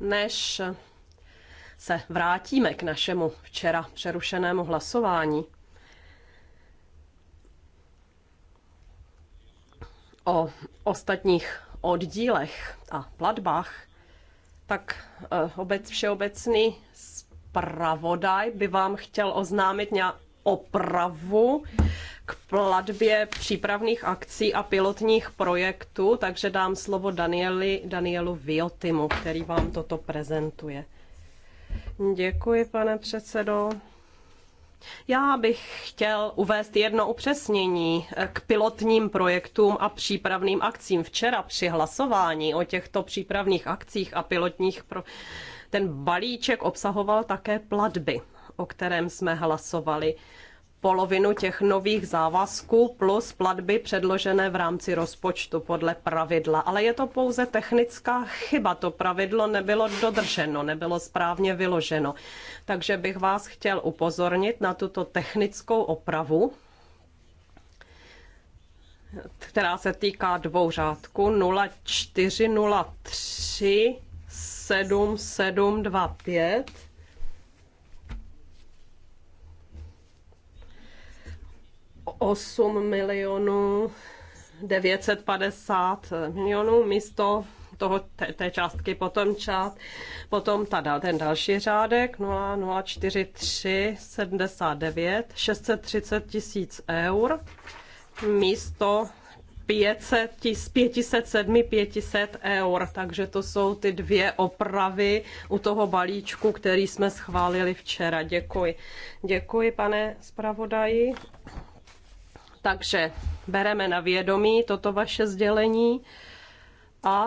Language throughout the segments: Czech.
Než se vrátíme k našemu včera přerušenému hlasování o ostatních oddílech a platbách, tak eh, obec, všeobecný zpravodaj by vám chtěl oznámit nějak opravu k platbě přípravných akcí a pilotních projektů, takže dám slovo Danieli, Danielu Viotimu, který vám toto prezentuje. Děkuji, pane předsedo. Já bych chtěl uvést jedno upřesnění k pilotním projektům a přípravným akcím. Včera při hlasování o těchto přípravných akcích a pilotních pro... ten balíček obsahoval také platby o kterém jsme hlasovali. Polovinu těch nových závazků plus platby předložené v rámci rozpočtu podle pravidla. Ale je to pouze technická chyba. To pravidlo nebylo dodrženo, nebylo správně vyloženo. Takže bych vás chtěl upozornit na tuto technickou opravu, která se týká dvou řádků 0403 7725 8 milionů 950 milionů místo toho, té, té částky potom čát, potom ta, ten další řádek 004379 630 tisíc eur místo 500, 507 500 eur, takže to jsou ty dvě opravy u toho balíčku, který jsme schválili včera. Děkuji. Děkuji, pane zpravodaji. Takže bereme na vědomí toto vaše sdělení a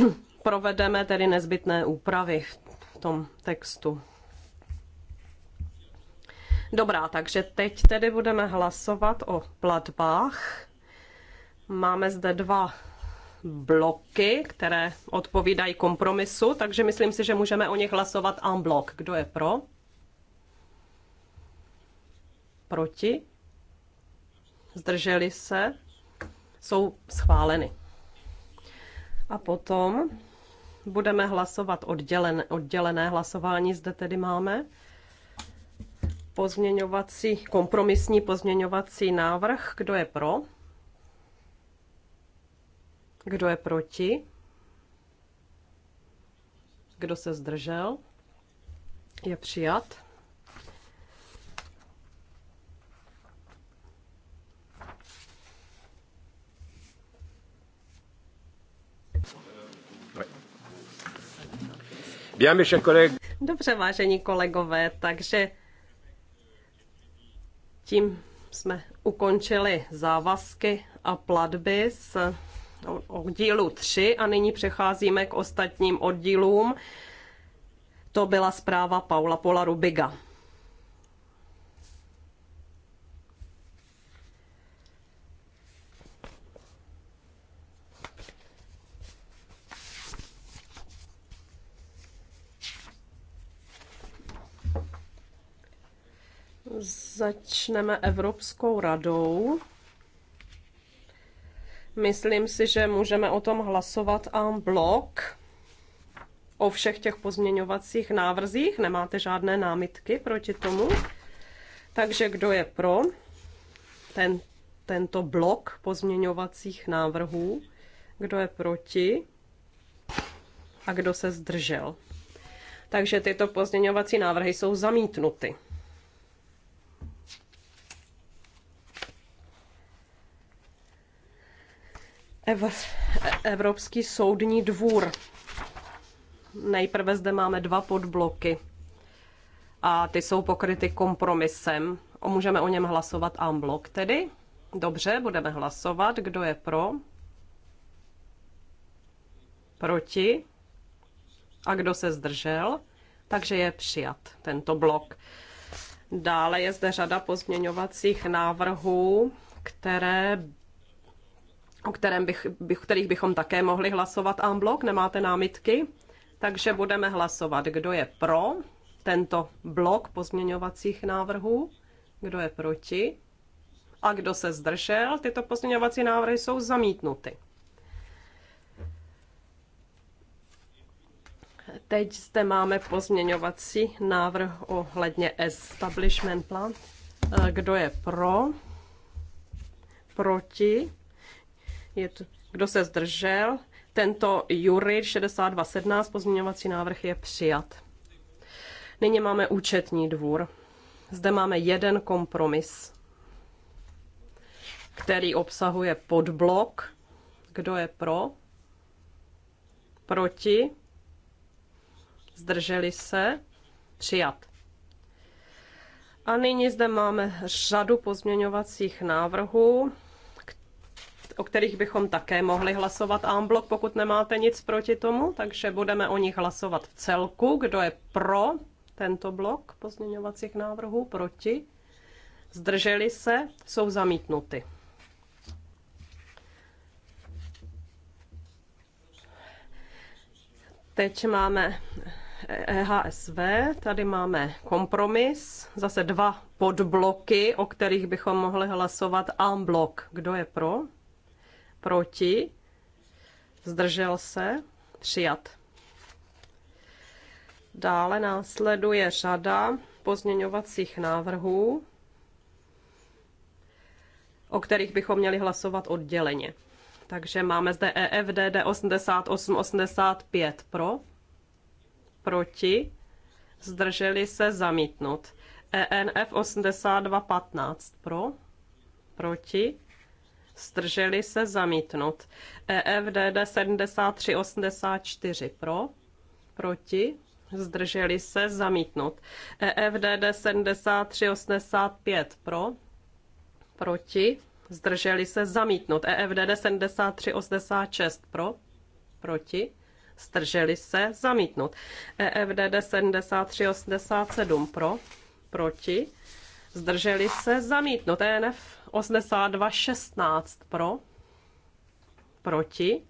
provedeme tedy nezbytné úpravy v tom textu. Dobrá, takže teď tedy budeme hlasovat o platbách. Máme zde dva bloky, které odpovídají kompromisu, takže myslím si, že můžeme o nich hlasovat en blok. Kdo je pro? Proti? zdrželi se, jsou schváleny. A potom budeme hlasovat oddělen, oddělené hlasování, zde tedy máme pozměňovací, kompromisní pozměňovací návrh. Kdo je pro? Kdo je proti? Kdo se zdržel? Je přijat. Dobře, vážení kolegové, takže tím jsme ukončili závazky a platby z oddílu 3 a nyní přecházíme k ostatním oddílům. To byla zpráva Paula Pola Rubiga. Začneme Evropskou radou. Myslím si, že můžeme o tom hlasovat en blok. O všech těch pozměňovacích návrzích nemáte žádné námitky proti tomu. Takže kdo je pro ten, tento blok pozměňovacích návrhů? Kdo je proti? A kdo se zdržel? Takže tyto pozměňovací návrhy jsou zamítnuty. Evropský soudní dvůr. Nejprve zde máme dva podbloky a ty jsou pokryty kompromisem. O, můžeme o něm hlasovat en blok tedy. Dobře, budeme hlasovat. Kdo je pro? Proti? A kdo se zdržel? Takže je přijat tento blok. Dále je zde řada pozměňovacích návrhů, které o kterém bych, bych, kterých bychom také mohli hlasovat en bloc. Nemáte námitky? Takže budeme hlasovat, kdo je pro tento blok pozměňovacích návrhů, kdo je proti a kdo se zdržel. Tyto pozměňovací návrhy jsou zamítnuty. Teď zde máme pozměňovací návrh ohledně establishment plan. Kdo je pro? Proti? Je to, kdo se zdržel? Tento Jury 6217 pozměňovací návrh je přijat. Nyní máme účetní dvůr. Zde máme jeden kompromis, který obsahuje podblok. Kdo je pro? Proti? Zdrželi se? Přijat. A nyní zde máme řadu pozměňovacích návrhů o kterých bychom také mohli hlasovat en bloc, pokud nemáte nic proti tomu, takže budeme o nich hlasovat v celku. Kdo je pro tento blok pozměňovacích návrhů, proti, zdrželi se, jsou zamítnuty. Teď máme EHSV, tady máme kompromis, zase dva podbloky, o kterých bychom mohli hlasovat en blok. Kdo je pro? proti, zdržel se, přijat. Dále následuje řada pozměňovacích návrhů, o kterých bychom měli hlasovat odděleně. Takže máme zde EFDD 8885 pro, proti, zdrželi se zamítnut. ENF 8215 pro, proti, Zdrželi se zamítnut. EFDD 7384 pro, proti, zdrželi se zamítnut. EFDD 7385 pro, proti, zdrželi se zamítnut. EFDD 7386 pro, proti, zdrželi se zamítnut. EFDD 7387 pro, proti, zdrželi se zamítnut. ENF 82-16 pro, proti,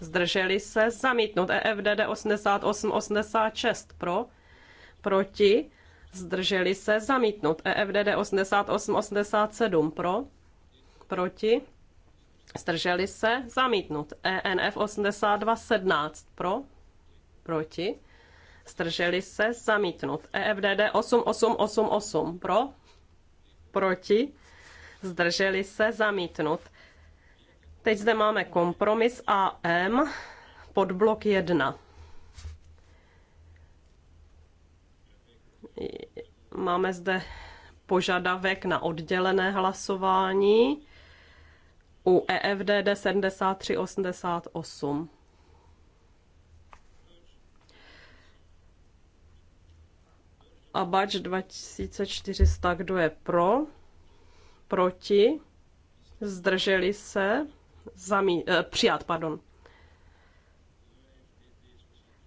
zdrželi se, zamítnout EFDD 88-86 pro, proti, zdrželi se, zamítnout EFDD 88-87 pro, proti, zdrželi se, zamítnout ENF 82-17 pro, proti, zdrželi se, zamítnout EFDD 8888 pro, proti, zdrželi se, zamítnut. Teď zde máme kompromis AM pod blok 1. Máme zde požadavek na oddělené hlasování u EFDD 7388. Abač 2400, kdo je pro? proti, zdrželi se, zamí, eh, přijat, pardon.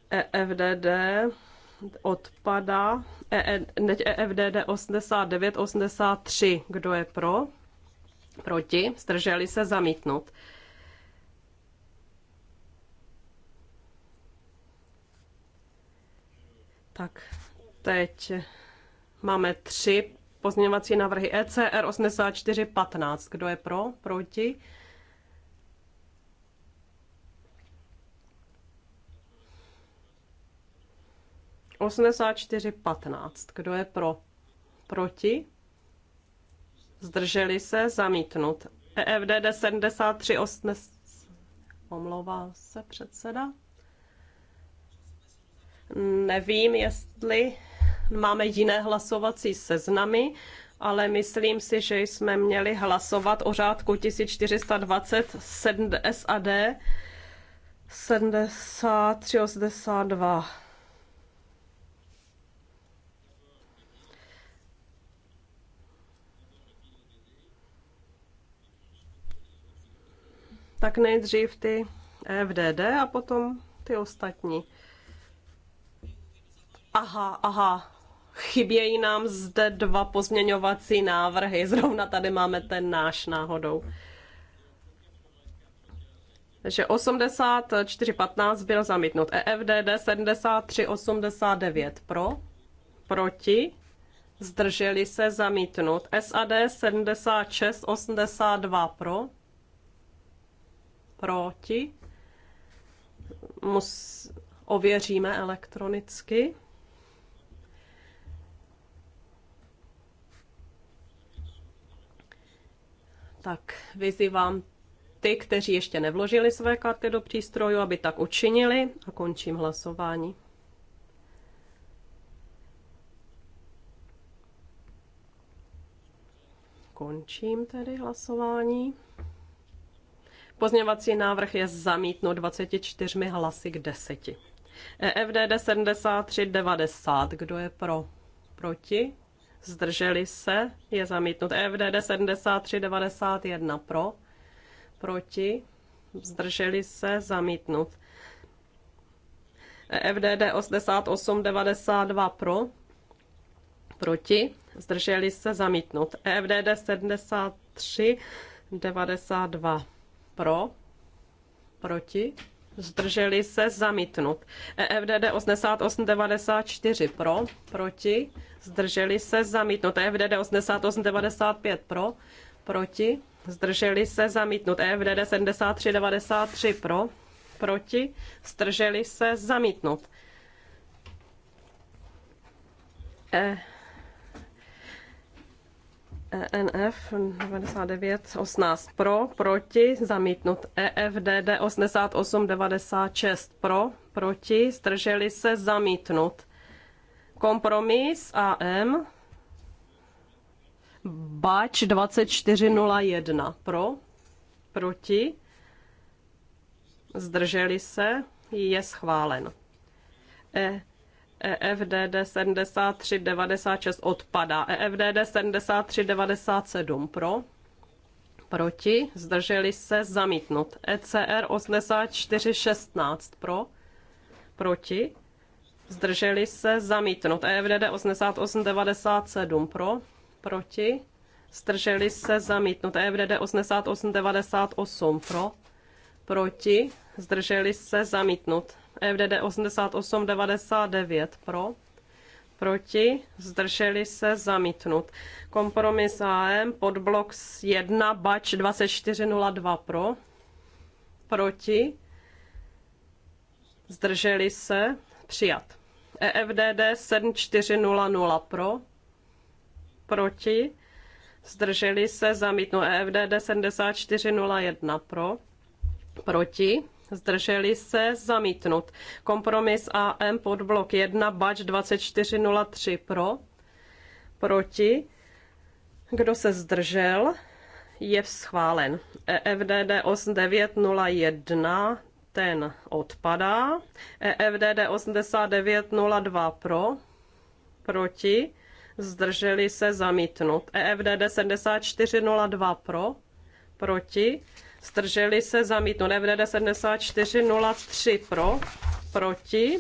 EFDD odpada, e, neď EFDD 89, 83, kdo je pro, proti, zdrželi se, zamítnout. Tak teď máme tři pozměňovací návrhy ECR 8415. Kdo je pro? Proti? Osmdesát patnáct. Kdo je pro? Proti? Zdrželi se? Zamítnut. EFDD 73 80... Omlouvá se předseda. Nevím, jestli máme jiné hlasovací seznamy, ale myslím si, že jsme měli hlasovat o řádku 1420 SAD 73 82. tak nejdřív ty FDD a potom ty ostatní. Aha, aha, Chybějí nám zde dva pozměňovací návrhy. Zrovna tady máme ten náš náhodou. Takže 84.15 byl zamítnut. EFDD 73.89 pro, proti, zdrželi se zamítnut. SAD 76.82 pro, proti, Mus, ověříme elektronicky. tak vyzývám ty, kteří ještě nevložili své karty do přístrojů, aby tak učinili a končím hlasování. Končím tedy hlasování. Pozměňovací návrh je zamítnut 24 hlasy k 10. EFDD 7390. Kdo je pro? Proti? zdrželi se, je zamítnut. FDD e 7391 pro, proti, zdrželi se, zamítnut. FDD e 8892 pro, proti, zdrželi se, zamítnut. FDD e 7392 pro, proti, zdrželi se zamítnut. EFDD 8894 pro, proti, zdrželi se zamítnut. EFDD 8895 pro, proti, zdrželi se zamítnut. EFDD 7393 pro, proti, zdrželi se zamítnut. E ENF 9918 pro, proti, zamítnut. EFDD 8896 pro, proti, zdrželi se, zamítnut. Kompromis AM Bač 2401 pro, proti, zdrželi se, je schválen. E EFDD 7396 odpadá. EFDD 7397 pro, proti, zdrželi se, zamítnut. ECR 8416 pro, proti, zdrželi se, zamítnut. EFDD 8897 pro, proti, zdrželi se, zamítnut. EFDD 8898 pro, proti, zdrželi se, zamítnut. FDD 8899 pro, proti, zdrželi se zamítnut. Kompromis AM pod blok 1 bač 2402 pro, proti, zdrželi se přijat. EFDD 7400 pro, proti, zdrželi se zamítnu EFDD 7401 pro, proti, zdrželi se, zamítnut. Kompromis AM pod blok 1, bač 2403 pro, proti, kdo se zdržel, je schválen. EFDD 8901, ten odpadá. EFDD 8902 pro, proti, zdrželi se, zamítnut. EFDD 7402 pro, proti, Zdrželi se zamítnout. FDD 7403 pro, proti.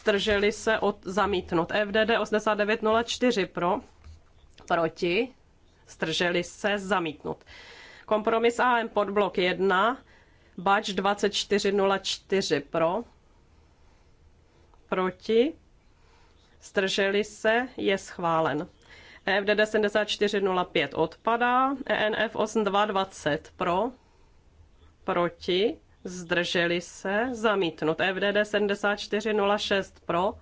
Zdrželi se od, zamítnout. FDD 8904 pro, proti. Zdrželi se zamítnout. Kompromis AM pod blok 1, bač 2404 pro, proti. Zdrželi se je schválen. EFDD 7405 odpadá, ENF 8220 pro, proti, zdrželi se, zamítnut. FDD 7406 pro,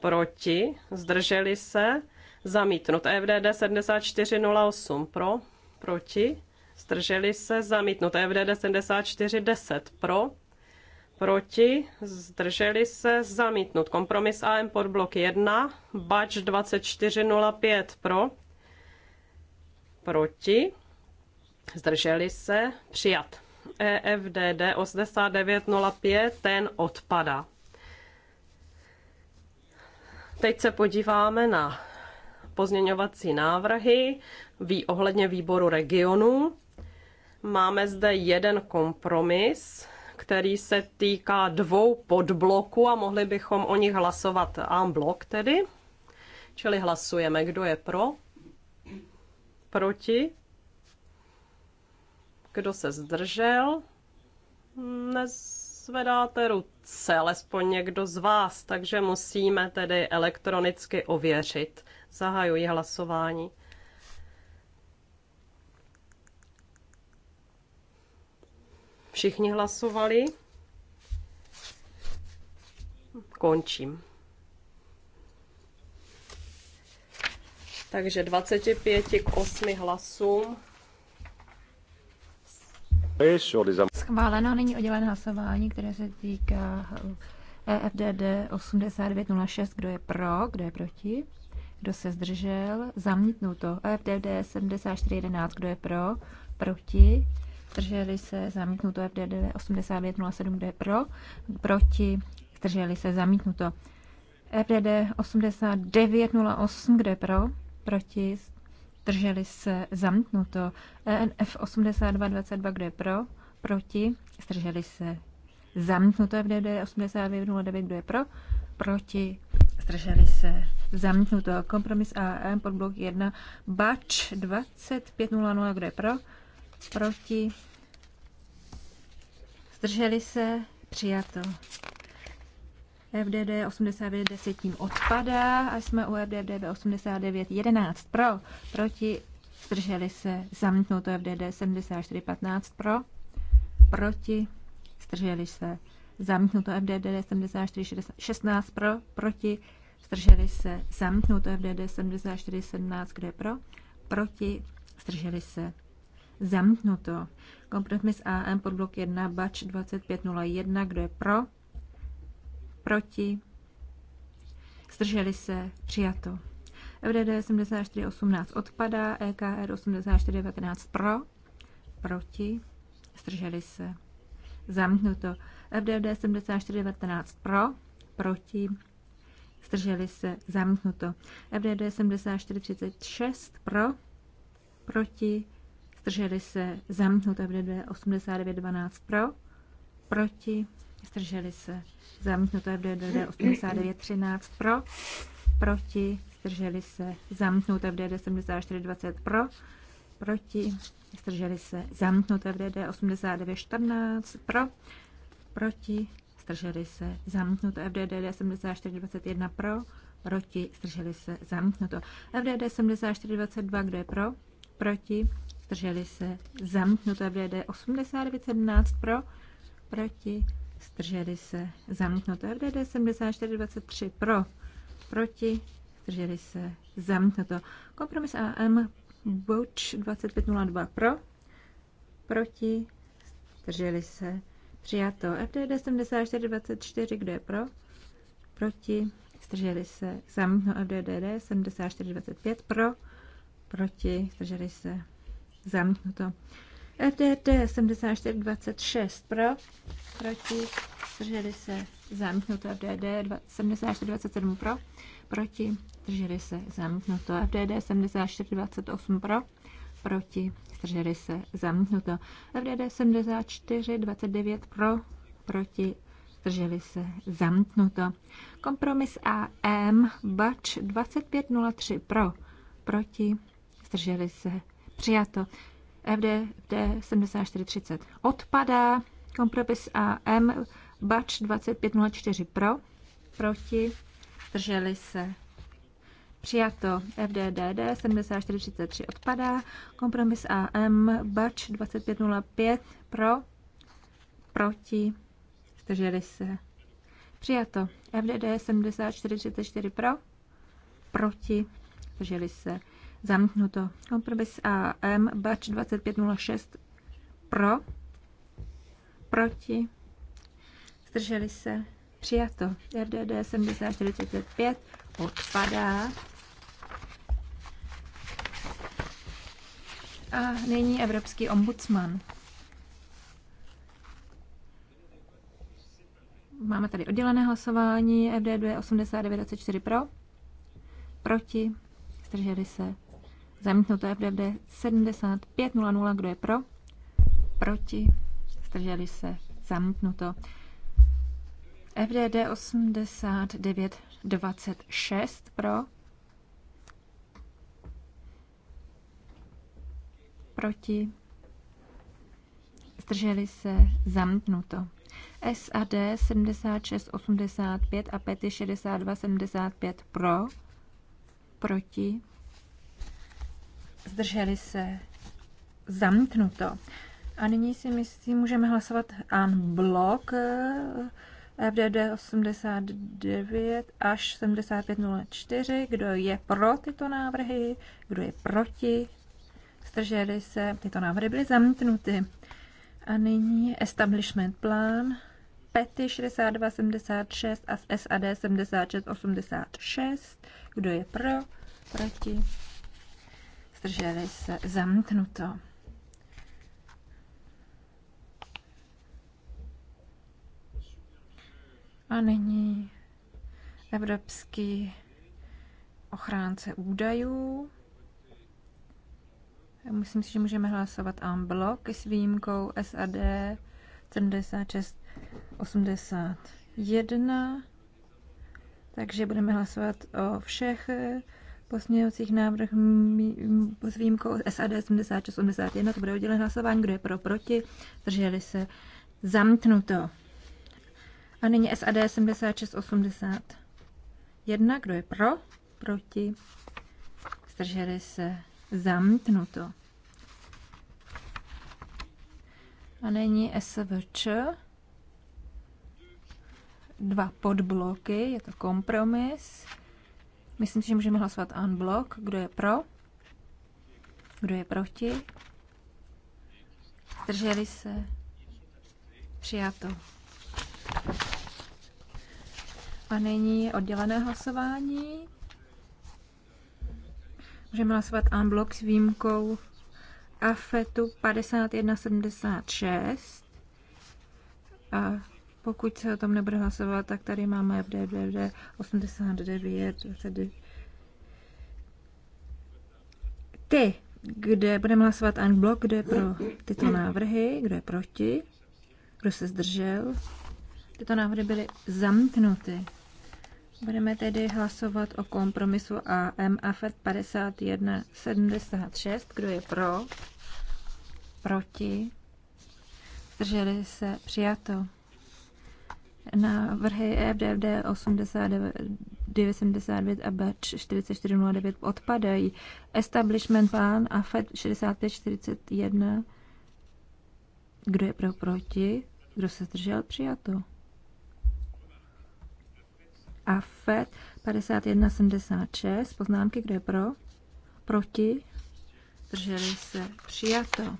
proti, zdrželi se, zamítnut. FDD 7408 pro, proti, zdrželi se, zamítnut. FDD 7410 pro, proti, zdrželi se, zamítnut. Kompromis AM pod blok 1, bač 2405 pro, proti, zdrželi se, přijat. EFDD 8905, ten odpada. Teď se podíváme na pozměňovací návrhy ví, ohledně výboru regionu. Máme zde jeden kompromis, který se týká dvou podbloků a mohli bychom o nich hlasovat en blok tedy. Čili hlasujeme, kdo je pro, proti, kdo se zdržel? Nezvedáte ruce, alespoň někdo z vás, takže musíme tedy elektronicky ověřit. Zahajuji hlasování. Všichni hlasovali? Končím. Takže 25 k 8 hlasům Schváleno není oddělené hlasování, které se týká EFDD eh, e 8906. Kdo je pro, kdo je proti? Kdo se zdržel? Zamítnuto. EFDD 7411. Kdo je pro, proti? Zdrželi se zamítnuto e FDD 8907, kdo je pro, proti, zdrželi se zamítnuto. E FDD 8908, kdo je pro, proti, zdrželi se zamítnuto. ENF 8222, kdo je pro, proti, zdrželi se zamítnuto. FDD 8209, kdo je pro, proti, zdrželi se zamítnuto. Kompromis AM pod blok 1, bač 2500, kdo je pro, proti, zdrželi se přijato. FDD 89 10 tím odpadá a jsme u FDD 89 11 pro, proti zdrželi se zamítnuto FDD 74 15 pro, proti zdrželi se zamítnuto FDD 74 16 pro, proti zdrželi se zamítnuto FDD 74 17 kde pro, proti zdrželi se zamítnuto. Kompromis AM pod blok 1 bač 2501 kdo je pro, proti, zdrželi se, přijato. FDD 7418 odpadá, EKR 8419 pro, proti, zdrželi se, zamknuto. FDD 7419 pro, proti, zdrželi se, zamknuto. FDD 7436 pro, proti, zdrželi se, zamknuto. FDD 8912 pro, proti, zdrželi se. Zamítnuto FDD 89.13 pro, proti, zdrželi se. Zamítnuto FDD 74.20 pro, proti, zdrželi se. Zamítnuto FDD 89.14 pro, proti, zdrželi se. Zamítnuto FDD 74.21 pro, proti, zdrželi se. Zamítnuto FDD 74.22, kdo je pro, proti, zdrželi se. Zamítnuto FDD 89.17 pro, proti, zdrželi se zamknuto FDD 7423 pro, proti, zdrželi se zamknuto Kompromis AM Boč 2502 pro, proti, zdrželi se přijato. FDD 7424, kdo je pro, proti, zdrželi se zamknuto FDD 7425 pro, proti, zdrželi se zamknuto ETT 7426 pro, proti, drželi se zamítnuto FDD 7427 pro, proti, drželi se zamítnuto FDD 7428 pro, proti, drželi se zamítnuto FDD 7429 pro, proti, drželi se zamítnuto. Kompromis AM BAČ 2503 pro, proti, drželi se přijato. FDT 7430 odpadá, kompromis AM Bač 2504 pro, proti, drželi se. Přijato FDDD 7433 odpadá, kompromis AM Bač 2505 pro, proti, drželi se. Přijato FDD 7434 pro, proti, drželi se. Zamknuto. Kompromis AM, bač 2506, pro, proti, zdrželi se, přijato. RDD 7045 odpadá. A nyní Evropský ombudsman. Máme tady oddělené hlasování FD2 89 pro, proti, zdrželi se, Zamítnuté FDD 75.00. Kdo je pro? Proti? Zdrželi se? Zamítnuto. FDD 89.26. Pro? Proti? Zdrželi se? Zamítnuto. SAD 76.85 a PETI 62.75 pro? Proti? zdrželi se, zamítnuto. A nyní si myslím, můžeme hlasovat an blok FDD 89 až 7504. Kdo je pro tyto návrhy, kdo je proti, zdrželi se, tyto návrhy byly zamítnuty. A nyní establishment plán PETY 6276 a SAD 7686. Kdo je pro, proti, zdrželi se, zamknuto. A nyní Evropský ochránce údajů. Myslím si, že můžeme hlasovat en bloc s výjimkou SAD 7681. Takže budeme hlasovat o všech pozměňovacích návrh s výjimkou SAD 76, 81. To bude oddělené hlasování. Kdo je pro, proti? Zdrželi se. Zamknuto. A nyní SAD 76, 81. Kdo je pro, proti? Zdrželi se. Zamknuto. A nyní SVČ. Dva podbloky, je to kompromis. Myslím si, že můžeme hlasovat unblock. Kdo je pro? Kdo je proti? Zdrželi se? Přijato. A nyní oddělené hlasování. Můžeme hlasovat unblock s výjimkou AFETu 5176 a pokud se o tom nebude hlasovat, tak tady máme FDDD 89, tedy ty, kde budeme hlasovat unblock, Kde je pro tyto návrhy, kdo je proti, kdo se zdržel. Tyto návrhy byly zamknuty. Budeme tedy hlasovat o kompromisu AM FED 5176. Kdo je pro? Proti? Zdrželi se? Přijato. Návrhy EFDFD 89 a BAČ 4409 odpadají. Establishment plan a FED e 6541. Kdo je pro proti? Kdo se zdržel? Přijato. A FED e 5176. Poznámky, kdo je pro? Proti? Zdrželi se. Přijato.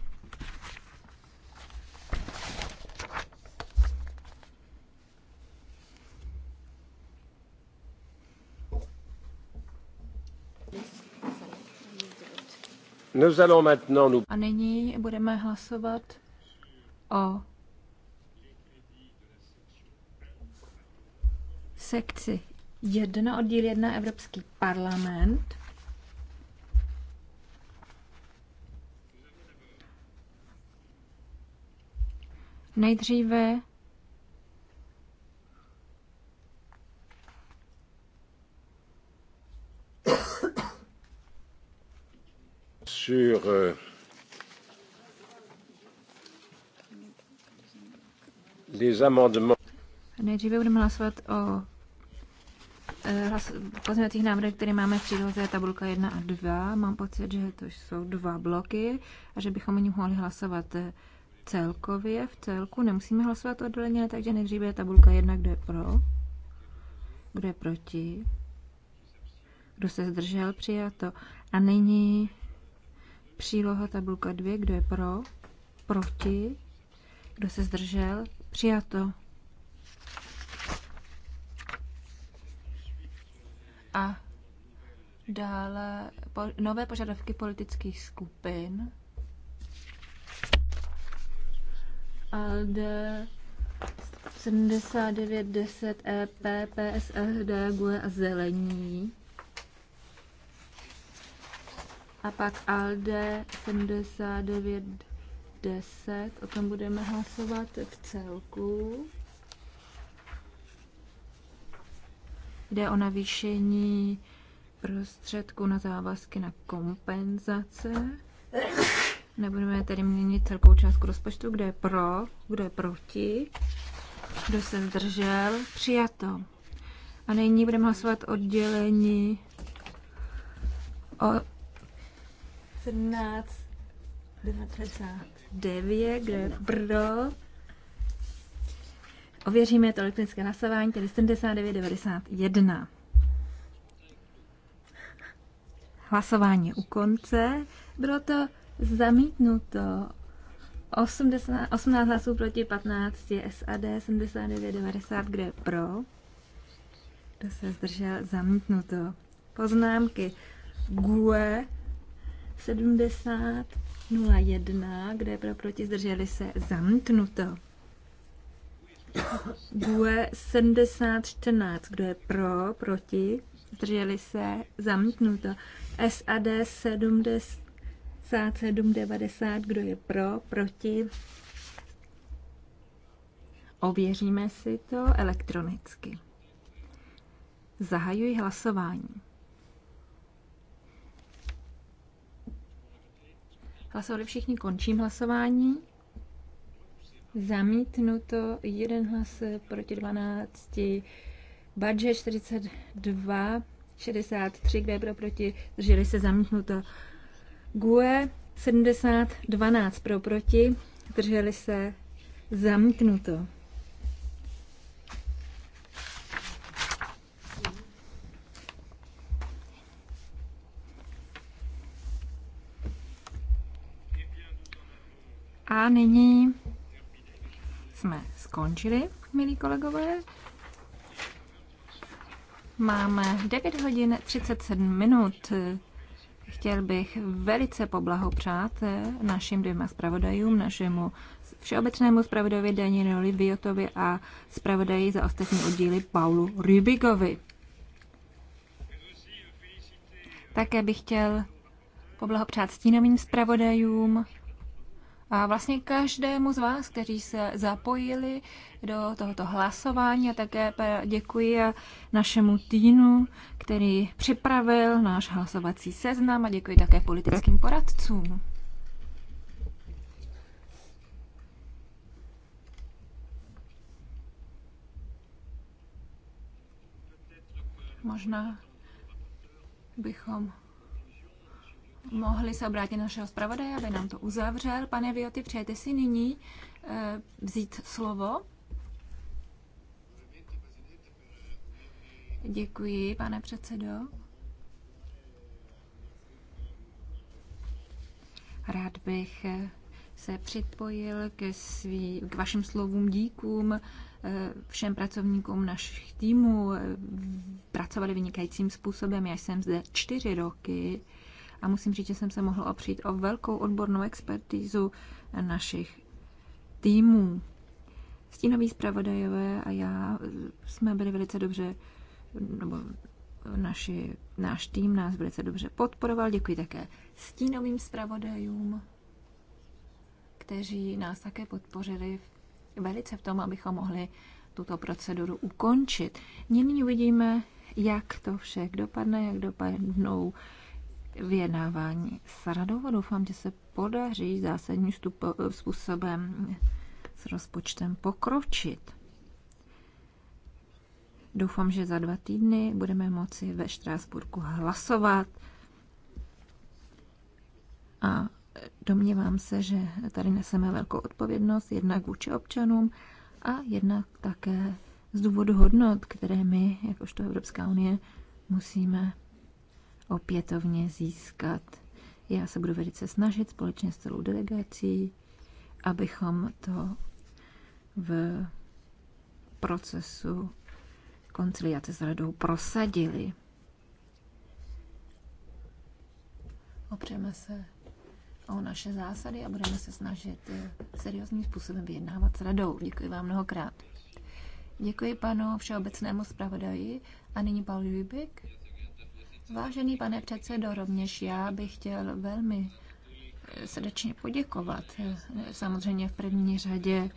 A nyní budeme hlasovat o sekci 1, oddíl 1 Evropský parlament. Nejdříve sur euh, les amendements. Nejdříve budeme hlasovat o eh, hlas, pozměňovacích návrhech, které máme v příloze tabulka 1 a 2. Mám pocit, že to jsou dva bloky a že bychom o nich mohli hlasovat eh, celkově, v celku. Nemusíme hlasovat odděleně, takže nejdříve je tabulka 1, kdo je pro, kdo je proti, kdo se zdržel, přijato. A nyní Příloha tabulka 2, kdo je pro, proti, kdo se zdržel, přijato. A dále po, nové požadavky politických skupin. ALDE 7910 EP, PSLD, GUE a Zelení. A pak ALD 7910, o tom budeme hlasovat v celku. Jde o navýšení prostředku na závazky na kompenzace. Nebudeme tedy měnit celkou částku rozpočtu, kde je pro, kde je proti, kdo se zdržel, přijato. A nyní budeme hlasovat oddělení o 1999, kdo je pro. Ověříme to elektronické hlasování, tedy 7991. Hlasování u konce. Bylo to zamítnuto 80, 18 hlasů proti 15 je SAD, 79, 90, kde je pro. Kdo se zdržel, zamítnuto. Poznámky. GUE 70 01, kde je pro proti zdrželi se zamítnuto. GUE 7014, kdo je pro, proti, zdrželi se, zamknuto. SAD 7790, kdo je pro, proti. Ověříme si to elektronicky. Zahajuji hlasování. Hlasovali všichni, končím hlasování. Zamítnuto jeden hlas proti 12, Badže 42, 63, kde pro proti, drželi se zamítnuto. GUE 70, 12 pro proti, drželi se zamítnuto. A nyní jsme skončili, milí kolegové. Máme 9 hodin 37 minut. Chtěl bych velice poblahopřát našim dvěma zpravodajům, našemu všeobecnému zpravodajovi Danielovi Biotovi a zpravodaji za ostatní oddíly Paulu Rybigovi. Také bych chtěl poblahopřát stínovým zpravodajům a vlastně každému z vás, kteří se zapojili do tohoto hlasování a také děkuji našemu týmu, který připravil náš hlasovací seznam a děkuji také politickým poradcům. Možná bychom mohli se obrátit na našeho zpravodaje, aby nám to uzavřel. Pane Vioty, přejete si nyní eh, vzít slovo? Děkuji, pane předsedo. Rád bych eh, se připojil ke, svý, k vašim slovům díkům eh, všem pracovníkům našich týmů. Pracovali vynikajícím způsobem. Já jsem zde čtyři roky a musím říct, že jsem se mohl opřít o velkou odbornou expertizu našich týmů. Stínoví zpravodajové a já jsme byli velice dobře, nebo naši, náš tým nás velice dobře podporoval. Děkuji také stínovým zpravodajům, kteří nás také podpořili velice v tom, abychom mohli tuto proceduru ukončit. Nyní uvidíme, jak to vše dopadne, jak dopadnou vyjednávání s radou a doufám, že se podaří zásadním způsobem s rozpočtem pokročit. Doufám, že za dva týdny budeme moci ve Štrásburku hlasovat a domnívám se, že tady neseme velkou odpovědnost jednak vůči občanům a jednak také z důvodu hodnot, které my, jakožto Evropská unie, musíme opětovně získat. Já se budu velice snažit společně s celou delegací, abychom to v procesu konciliace s radou prosadili. Opřeme se o naše zásady a budeme se snažit eh, seriózním způsobem vyjednávat s radou. Děkuji vám mnohokrát. Děkuji panu všeobecnému zpravodaji a nyní Paul Jubik. Vážený pane předsedo, rovněž já bych chtěl velmi srdečně poděkovat. Eh, samozřejmě v první řadě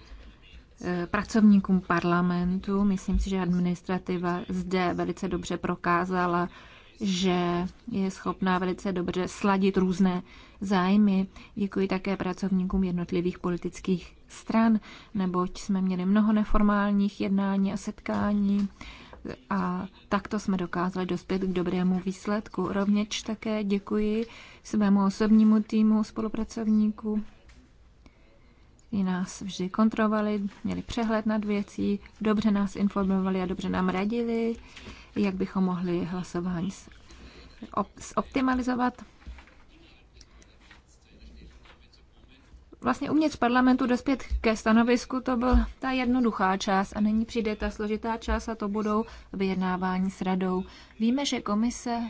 eh, pracovníkům parlamentu. Myslím si, že administrativa zde velice dobře prokázala, že je schopná velice dobře sladit různé zájmy. Děkuji také pracovníkům jednotlivých politických stran, neboť jsme měli mnoho neformálních jednání a setkání a takto jsme dokázali dospět k dobrému výsledku. Rovněž také děkuji svému osobnímu týmu spolupracovníků, i nás vždy kontrolovali, měli přehled nad věcí, dobře nás informovali a dobře nám radili, jak bychom mohli hlasování optimalizovat. vlastně umět z parlamentu dospět ke stanovisku, to byl ta jednoduchá část a nyní přijde ta složitá část a to budou vyjednávání s radou. Víme, že komise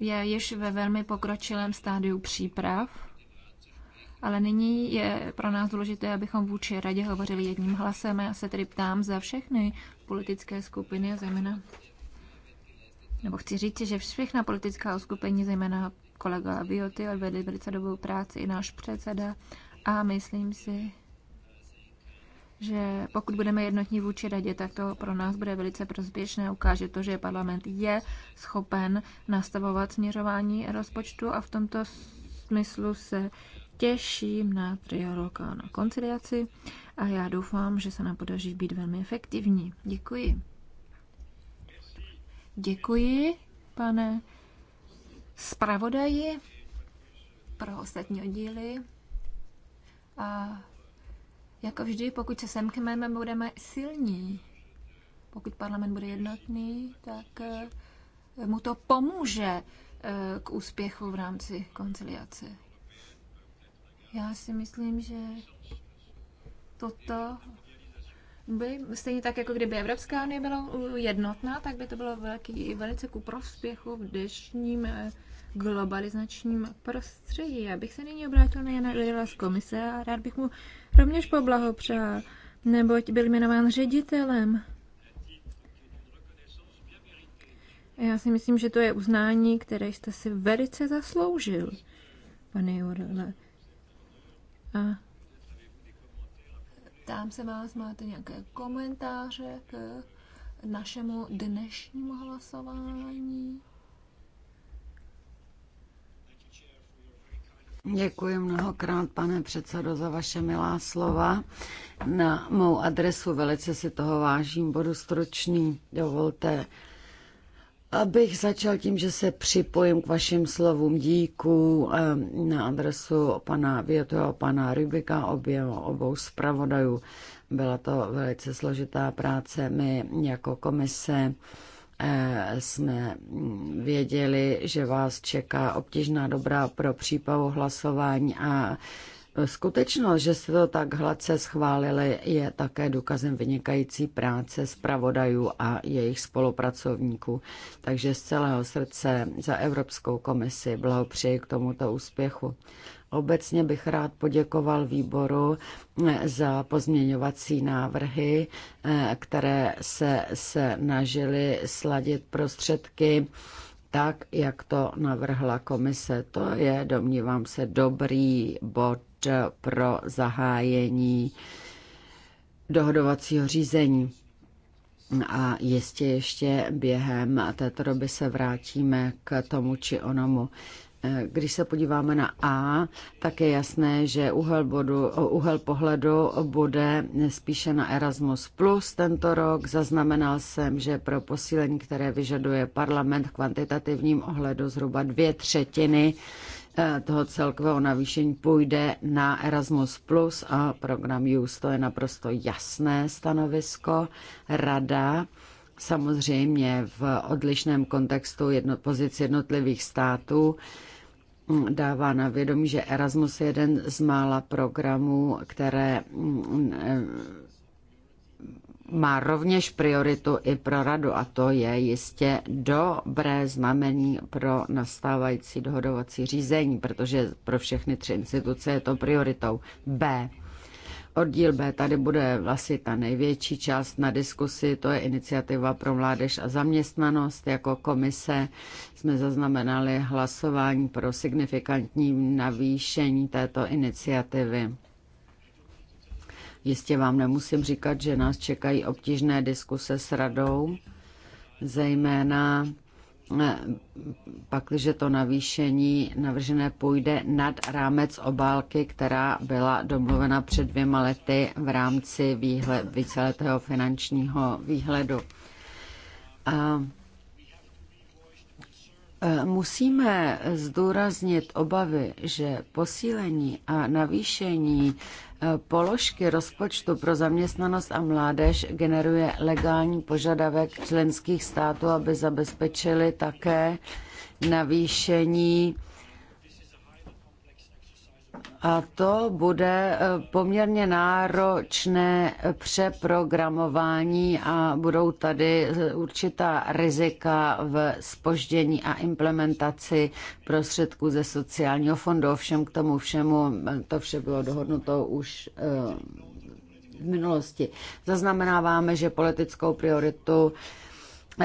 je již ve velmi pokročilém stádiu příprav, ale nyní je pro nás důležité, abychom vůči radě hovořili jedním hlasem. Já se tedy ptám za všechny politické skupiny a zejména nebo chci říct, že všechna politická uskupení, zejména kolega Vioty odvedli velice dobrou práci i náš předseda a myslím si, že pokud budeme jednotní vůči radě, tak to pro nás bude velice prospěšné. Ukáže to, že parlament je schopen nastavovat směřování rozpočtu a v tomto smyslu se těším na trialog a na konciliaci a já doufám, že se nám podaří být velmi efektivní. Děkuji. Děkuji, pane zpravodaji pro ostatní oddíly. A jako vždy, pokud se semkneme, budeme silní. Pokud parlament bude jednotný, tak eh, mu to pomůže eh, k úspěchu v rámci konciliace. Já si myslím, že toto by, stejně tak, jako kdyby Evropská unie byla jednotná, tak by to bylo velký, velice ku prospěchu v dnešním eh, globalizačním prostředí. Já bych se nyní obrátil na Jana Lila z komise a rád bych mu rovněž poblahopřál, neboť byl jmenován ředitelem. Já si myslím, že to je uznání, které jste si velice zasloužil, pane Jurele. A Ptám se vás, máte nějaké komentáře k našemu dnešnímu hlasování? Děkuji mnohokrát, pane předsedo, za vaše milá slova. Na mou adresu velice si toho vážím, budu stručný. Dovolte, Abych začal tím, že se připojím k vašim slovům díků na adresu pana a pana Rybika, obě, obou zpravodajů. Byla to velice složitá práce. My jako komise eh, jsme mm, věděli, že vás čeká obtížná dobrá pro přípravu hlasování a Skutečnost, že se to tak hladce schválili, je také důkazem vynikající práce zpravodajů a jejich spolupracovníků. Takže z celého srdce za Evropskou komisi blahopřeji k tomuto úspěchu. Obecně bych rád poděkoval výboru eh, za pozměňovací návrhy, eh, které se snažily sladit prostředky tak, jak to navrhla komise. To je, domnívám se, dobrý bod pro zahájení dohodovacího řízení. A jistě ještě během této doby se vrátíme k tomu či onomu. E, když se podíváme na A, tak je jasné, že úhel, bodu, úhel pohledu bude spíše na Erasmus Plus tento rok. Zaznamenal jsem, že pro posílení, které vyžaduje parlament v kvantitativním ohledu zhruba dvě třetiny, E, toho celkového navýšení půjde na Erasmus Plus a program JUS. To je naprosto jasné stanovisko. Rada samozřejmě v odlišném kontextu jedno, pozic jednotlivých států mm, dává na vědomí, že Erasmus je jeden z mála programů, které mm, e, má rovněž prioritu i pro radu a to je jistě dobré znamení pro nastávající dohodovací řízení, protože pro všechny tři instituce je to prioritou. B. Oddíl B, tady bude vlastně ta největší část na diskusi, to je iniciativa pro mládež a zaměstnanost. Jako komise jsme zaznamenali hlasování pro signifikantní navýšení této iniciativy Jistě vám nemusím říkat, že nás čekají obtížné diskuse s radou, zejména eh, pakliže to navýšení navržené půjde nad rámec obálky, která byla domluvena před dvěma lety v rámci výhled, víceletého finančního výhledu. A Eh, musíme zdůraznit obavy, že posílení a navýšení eh, položky rozpočtu pro zaměstnanost a mládež generuje legální požadavek členských států, aby zabezpečili také navýšení a to bude eh, poměrně náročné přeprogramování a budou tady eh, určitá rizika v spoždění a implementaci prostředků ze sociálního fondu. Ovšem k tomu všemu, eh, to vše bylo dohodnuto už v minulosti. Zaznamenáváme, že politickou prioritu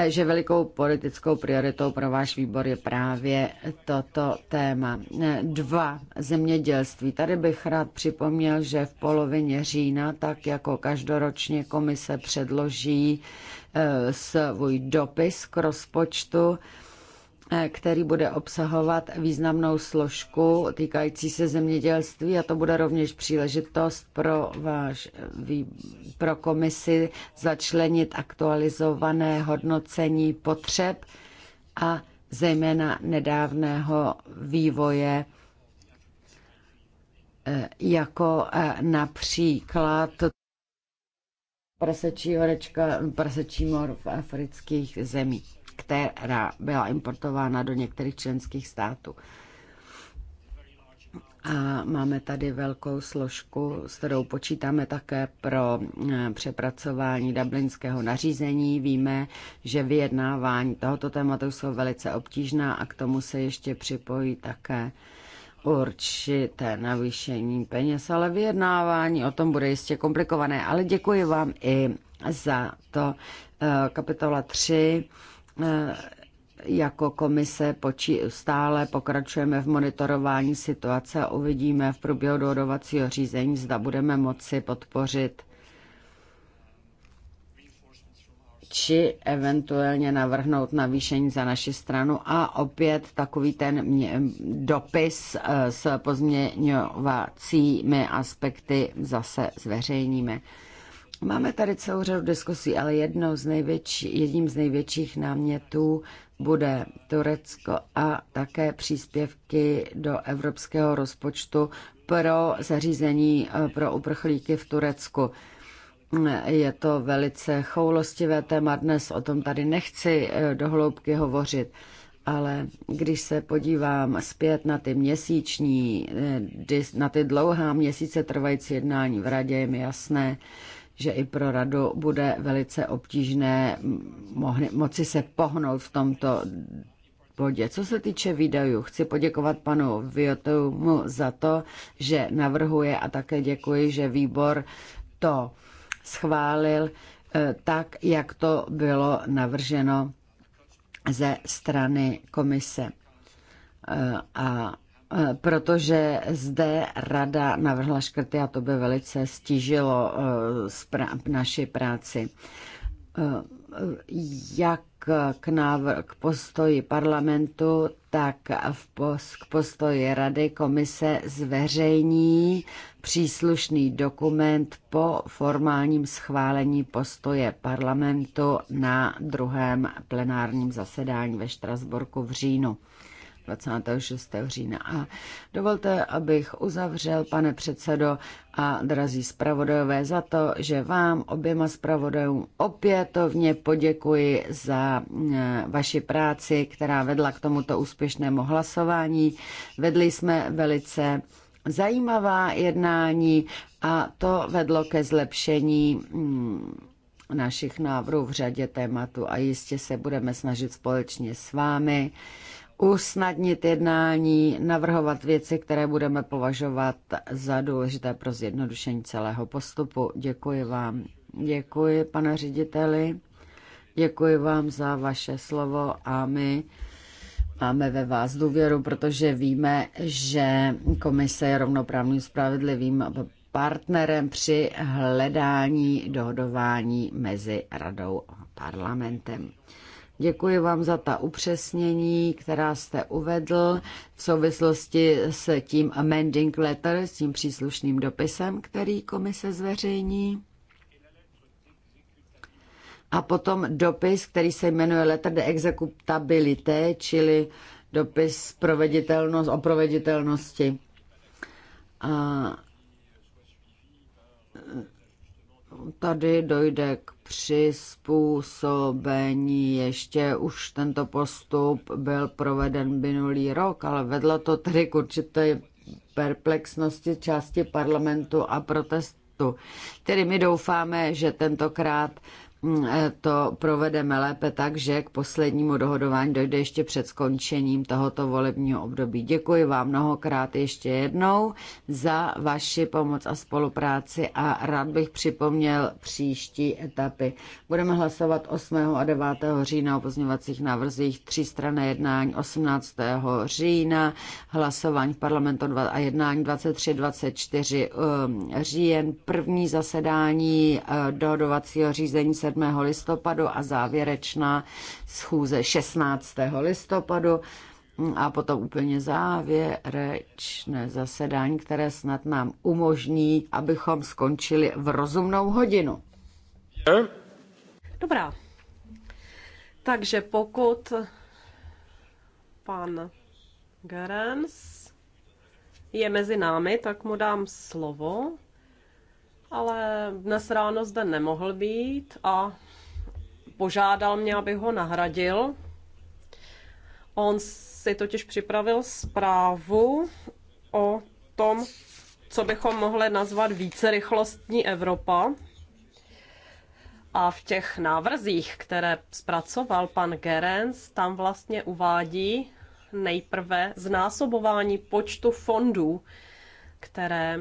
že velikou politickou prioritou pro váš výbor je právě toto téma. Dva, zemědělství. Tady bych rád připomněl, že v polovině října, tak jako každoročně komise předloží eh, svůj dopis k rozpočtu, Eh, který bude obsahovat významnou složku týkající se zemědělství a to bude rovněž příležitost pro, váš, pro komisi začlenit aktualizované hodnocení potřeb a zejména nedávného vývoje eh, jako eh, například prasečí horečka, prasečí mor v afrických zemích která byla importována do některých členských států. A máme tady velkou složku, s kterou počítáme také pro eh, přepracování dublinského nařízení. Víme, že vyjednávání tohoto tématu jsou velice obtížná a k tomu se ještě připojí také určité navýšení peněz, ale vyjednávání o tom bude jistě komplikované. Ale děkuji vám i za to eh, kapitola 3 Eh, jako komise počí, stále pokračujeme v monitorování situace a uvidíme v průběhu dohodovacího řízení, zda budeme moci podpořit či eventuálně navrhnout navýšení za naši stranu a opět takový ten dopis eh, s pozměňovacími aspekty zase zveřejníme. Máme tady celou řadu diskusí, ale jednou z největší, jedním z největších námětů bude Turecko a také příspěvky do evropského rozpočtu pro zařízení eh, pro uprchlíky v Turecku. Je to velice choulostivé téma dnes, o tom tady nechci eh, dohloubky hovořit, ale když se podívám zpět na ty měsíční, eh, na ty dlouhá měsíce trvající jednání v radě, je mi jasné, že i pro radu bude velice obtížné mohli, moci se pohnout v tomto bodě. Co se týče výdajů, chci poděkovat panu Viotomu za to, že navrhuje a také děkuji, že výbor to schválil eh, tak, jak to bylo navrženo ze strany komise. Eh, a Eh, protože zde rada navrhla škrty a to by velice stížilo eh, naši práci. Eh, jak k, návr- k postoji parlamentu, tak v pos- k postoji rady komise zveřejní příslušný dokument po formálním schválení postoje parlamentu na druhém plenárním zasedání ve Štrasburku v říjnu. 26. října. A dovolte, abych uzavřel, pane předsedo a drazí zpravodajové, za to, že vám oběma zpravodajům opětovně poděkuji za eh, vaši práci, která vedla k tomuto úspěšnému hlasování. Vedli jsme velice zajímavá jednání a to vedlo ke zlepšení mm, našich návrhů v řadě tématu a jistě se budeme snažit společně s vámi usnadnit jednání, navrhovat věci, které budeme považovat za důležité pro zjednodušení celého postupu. Děkuji vám. Děkuji, pane řediteli. Děkuji vám za vaše slovo a my máme ve vás důvěru, protože víme, že komise je rovnoprávným spravedlivým partnerem při hledání dohodování mezi radou a parlamentem. Děkuji vám za ta upřesnění, která jste uvedl v souvislosti s tím amending letter, s tím příslušným dopisem, který komise zveřejní. A potom dopis, který se jmenuje Letter de Executabilité, čili dopis proveditelnost, o proveditelnosti. A tady dojde k přizpůsobení. Ještě už tento postup byl proveden minulý rok, ale vedlo to tedy k určité perplexnosti části parlamentu a protestu. Tedy my doufáme, že tentokrát Mm, eh, to provedeme lépe tak, že k poslednímu dohodování dojde ještě před skončením tohoto volebního období. Děkuji vám mnohokrát ještě jednou za vaši pomoc a spolupráci a rád bych připomněl příští etapy. Budeme hlasovat 8. a 9. října o pozměvacích návrzích strany jednání 18. října, hlasování v parlamentu a jednání 23-24 eh, říjen, první zasedání eh, dohodovacího řízení se 7. listopadu a závěrečná schůze 16. listopadu a potom úplně závěrečné zasedání, které snad nám umožní, abychom skončili v rozumnou hodinu. Dobrá. Takže pokud pan Gerens je mezi námi, tak mu dám slovo ale dnes ráno zde nemohl být a požádal mě, abych ho nahradil. On si totiž připravil zprávu o tom, co bychom mohli nazvat více rychlostní Evropa. A v těch návrzích, které zpracoval pan Gerens, tam vlastně uvádí nejprve znásobování počtu fondů, které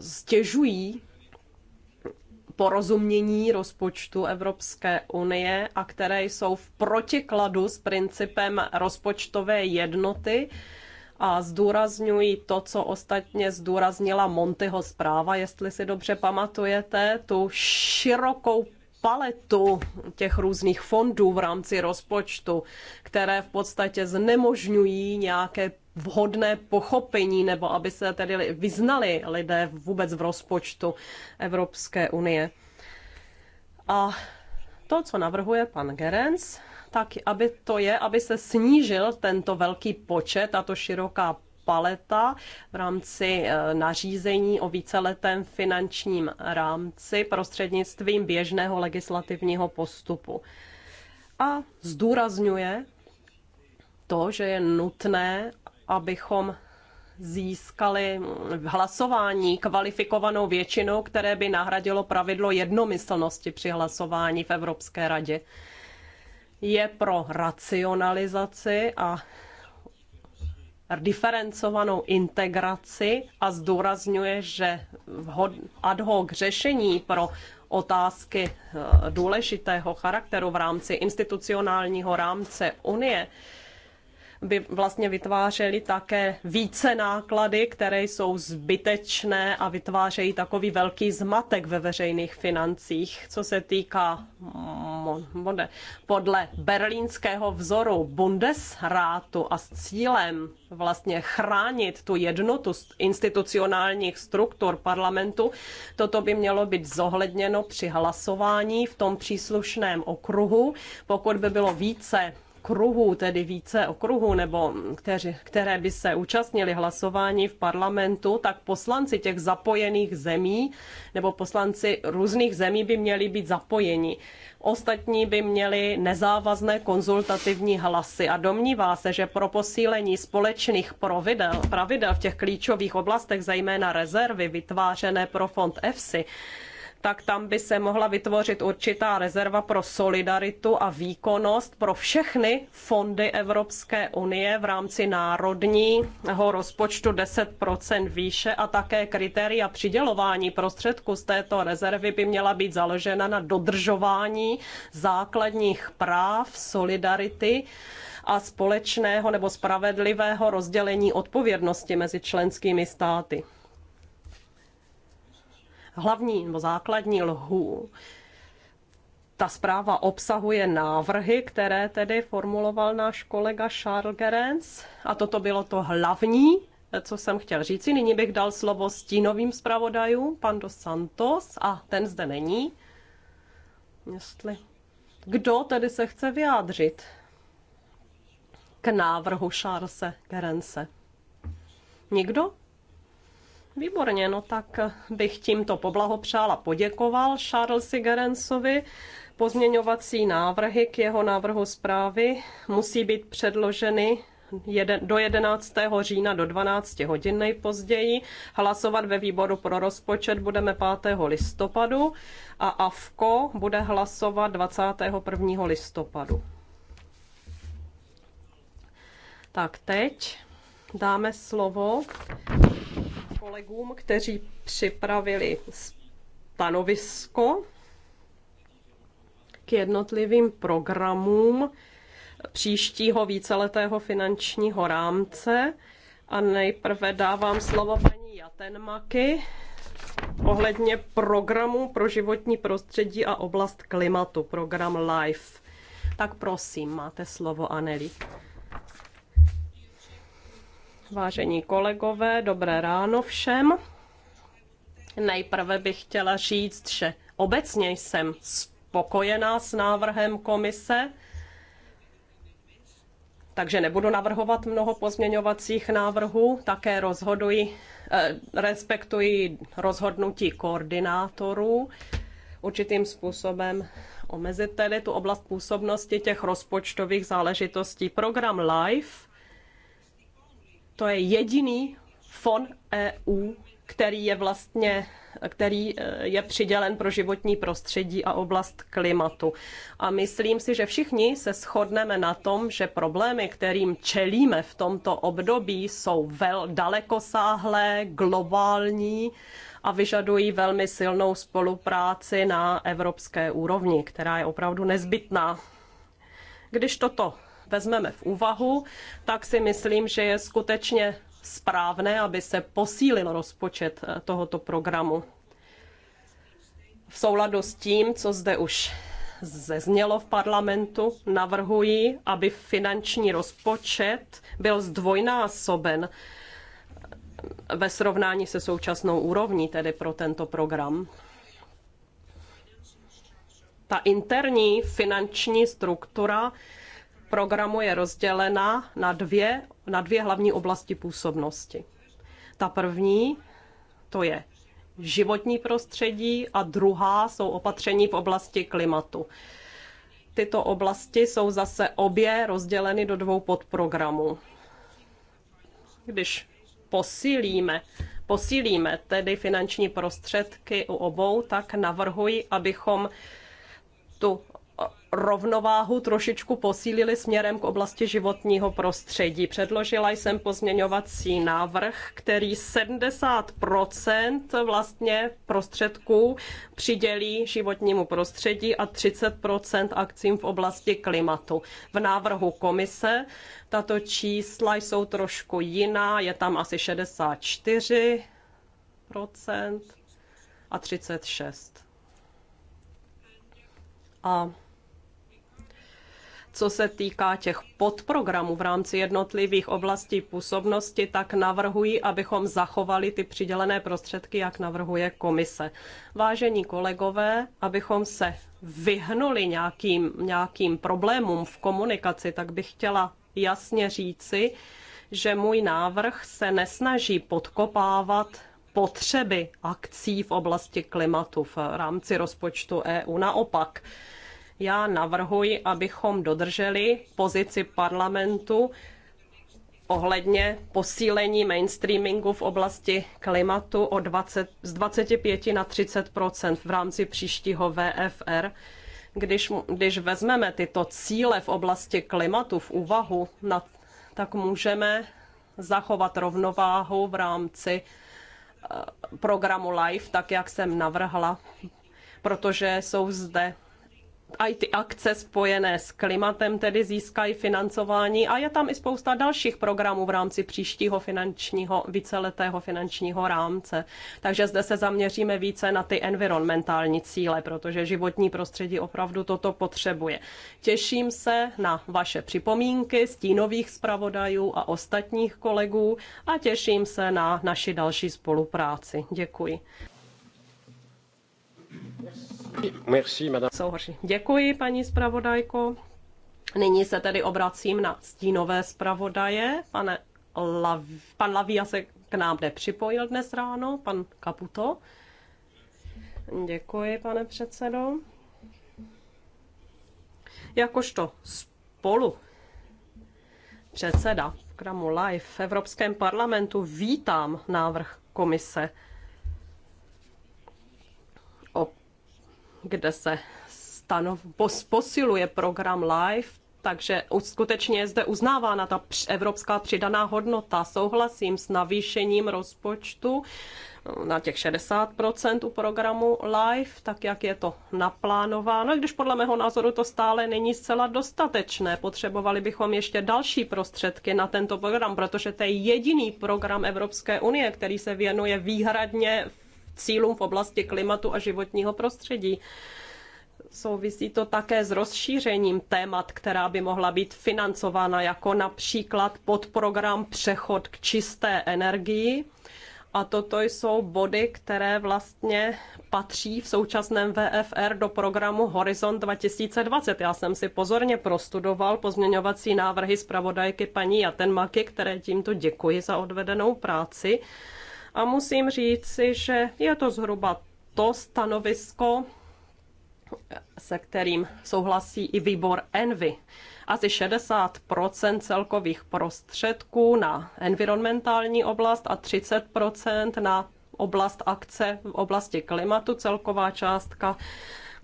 stěžují porozumění rozpočtu Evropské unie a které jsou v protikladu s principem rozpočtové jednoty a zdůrazňují to, co ostatně zdůraznila Montyho zpráva, jestli si dobře pamatujete, tu širokou paletu těch různých fondů v rámci rozpočtu, které v podstatě znemožňují nějaké vhodné pochopení, nebo aby se tedy vyznali lidé vůbec v rozpočtu Evropské unie. A to, co navrhuje pan Gerenc, tak aby to je, aby se snížil tento velký počet, tato široká paleta v rámci e, nařízení o víceletém finančním rámci prostřednictvím běžného legislativního postupu. A zdůrazňuje to, že je nutné, abychom získali v hlasování kvalifikovanou většinou, které by nahradilo pravidlo jednomyslnosti při hlasování v Evropské radě. Je pro racionalizaci a diferencovanou integraci a zdůrazňuje, že ad hoc řešení pro otázky eh, důležitého charakteru v rámci institucionálního rámce Unie by vlastně vytvářely také více náklady, které jsou zbytečné a vytvářejí takový velký zmatek ve veřejných financích. Co se týká podle berlínského vzoru Bundesrátu a s cílem vlastně chránit tu jednotu institucionálních struktur parlamentu, toto by mělo být zohledněno při hlasování v tom příslušném okruhu. Pokud by bylo více kruhů, tedy více okruhů, nebo kteři, které by se účastnili hlasování v parlamentu, tak poslanci těch zapojených zemí nebo poslanci různých zemí by měli být zapojeni. Ostatní by měli nezávazné konzultativní hlasy a domnívá se, že pro posílení společných pravidel, pravidel v těch klíčových oblastech, zejména rezervy vytvářené pro fond EFSI, tak tam by se mohla vytvořit určitá rezerva pro solidaritu a výkonnost pro všechny fondy Evropské unie v rámci národního rozpočtu 10 výše a také kritéria přidělování prostředků z této rezervy by měla být založena na dodržování základních práv, solidarity a společného nebo spravedlivého rozdělení odpovědnosti mezi členskými státy hlavní nebo základní lhů. Ta zpráva obsahuje návrhy, které tedy formuloval náš kolega Charles Gerens a toto bylo to hlavní, co jsem chtěl říci. Nyní bych dal slovo stínovým zpravodajům, pan Dos Santos, a ten zde není. Jestli... Kdo tedy se chce vyjádřit k návrhu Charlesa Gerense? Nikdo? Výborně, no tak bych tímto poblahopřál a poděkoval Charlesi Gerensovi. Pozměňovací návrhy k jeho návrhu zprávy musí být předloženy do 11. října do 12 hodin nejpozději. Hlasovat ve výboru pro rozpočet budeme 5. listopadu a AFKO bude hlasovat 21. listopadu. Tak teď dáme slovo kolegům, kteří připravili stanovisko k jednotlivým programům příštího víceletého finančního rámce. A nejprve dávám slovo paní Jatenmaky ohledně programu pro životní prostředí a oblast klimatu, program LIFE. Tak prosím, máte slovo, Aneli. Vážení kolegové, dobré ráno všem. Nejprve bych chtěla říct, že obecně jsem spokojená s návrhem komise, takže nebudu navrhovat mnoho pozměňovacích návrhů. Také rozhoduji, eh, respektuji rozhodnutí koordinátorů určitým způsobem omezit tedy tu oblast působnosti těch rozpočtových záležitostí. Program LIFE to je jediný fond EU, který je vlastně který eh, je přidělen pro životní prostředí a oblast klimatu. A myslím si, že všichni se shodneme na tom, že problémy, kterým čelíme v tomto období, jsou vel dalekosáhlé, globální a vyžadují velmi silnou spolupráci na evropské úrovni, která je opravdu nezbytná. Když toto vezmeme v úvahu, tak si myslím, že je skutečně správné, aby se posílil rozpočet eh, tohoto programu. V souladu s tím, co zde už zeznělo v parlamentu, navrhuji, aby finanční rozpočet byl zdvojnásoben eh, ve srovnání se současnou úrovní, tedy pro tento program. Ta interní finanční struktura programu je rozdělena na dvě, na dvě hlavní oblasti působnosti. Ta první, to je životní prostředí a druhá jsou opatření v oblasti klimatu. Tyto oblasti jsou zase obě rozděleny do dvou podprogramů. Když posílíme, posílíme tedy finanční prostředky u obou, tak navrhuji, abychom tu rovnováhu trošičku posílili směrem k oblasti životního prostředí. Předložila jsem pozměňovací návrh, který 70% vlastně prostředků přidělí životnímu prostředí a 30% akcím v oblasti klimatu. V návrhu komise tato čísla jsou trošku jiná, je tam asi 64% a 36%. A co se týká těch podprogramů v rámci jednotlivých oblastí působnosti, tak navrhuji, abychom zachovali ty přidělené prostředky, jak navrhuje komise. Vážení kolegové, abychom se vyhnuli nějakým, nějakým problémům v komunikaci, tak bych chtěla jasně říci, že můj návrh se nesnaží podkopávat potřeby akcí v oblasti klimatu v rámci rozpočtu EU. Naopak, já navrhuji, abychom dodrželi pozici parlamentu ohledně posílení mainstreamingu v oblasti klimatu o 20, z 25 na 30 v rámci příštího VFR. Když, když vezmeme tyto cíle v oblasti klimatu v úvahu, na, tak můžeme zachovat rovnováhu v rámci eh, programu LIFE, tak jak jsem navrhla, protože jsou zde i ty akce spojené s klimatem tedy získají financování a je tam i spousta dalších programů v rámci příštího finančního, víceletého finančního rámce. Takže zde se zaměříme více na ty environmentální cíle, protože životní prostředí opravdu toto potřebuje. Těším se na vaše připomínky, stínových zpravodajů a ostatních kolegů a těším se na naši další spolupráci. Děkuji. Yes. Děkuji, paní zpravodajko. Nyní se tedy obracím na stínové zpravodaje. Pane Lav, pan Lavia se k nám nepřipojil dnes ráno, pan Kaputo. Děkuji, pane předsedo. Jakožto spolu předseda programu LIFE v Evropském parlamentu vítám návrh komise kde se stanov, pos, posiluje program LIFE, takže skutečně je zde uznávána ta evropská přidaná hodnota. Souhlasím s navýšením rozpočtu no, na těch 60% u programu LIFE, tak jak je to naplánováno, když podle mého názoru to stále není zcela dostatečné. Potřebovali bychom ještě další prostředky na tento program, protože to je jediný program Evropské unie, který se věnuje výhradně cílům v oblasti klimatu a životního prostředí. Souvisí to také s rozšířením témat, která by mohla být financována, jako například podprogram Přechod k čisté energii. A toto jsou body, které vlastně patří v současném VFR do programu Horizont 2020. Já jsem si pozorně prostudoval pozměňovací návrhy zpravodajky paní Jatenmaky, které tímto děkuji za odvedenou práci. A musím říci, že je to zhruba to stanovisko, se kterým souhlasí i výbor Envy. Asi 60 celkových prostředků na environmentální oblast a 30 na oblast akce v oblasti klimatu, celková částka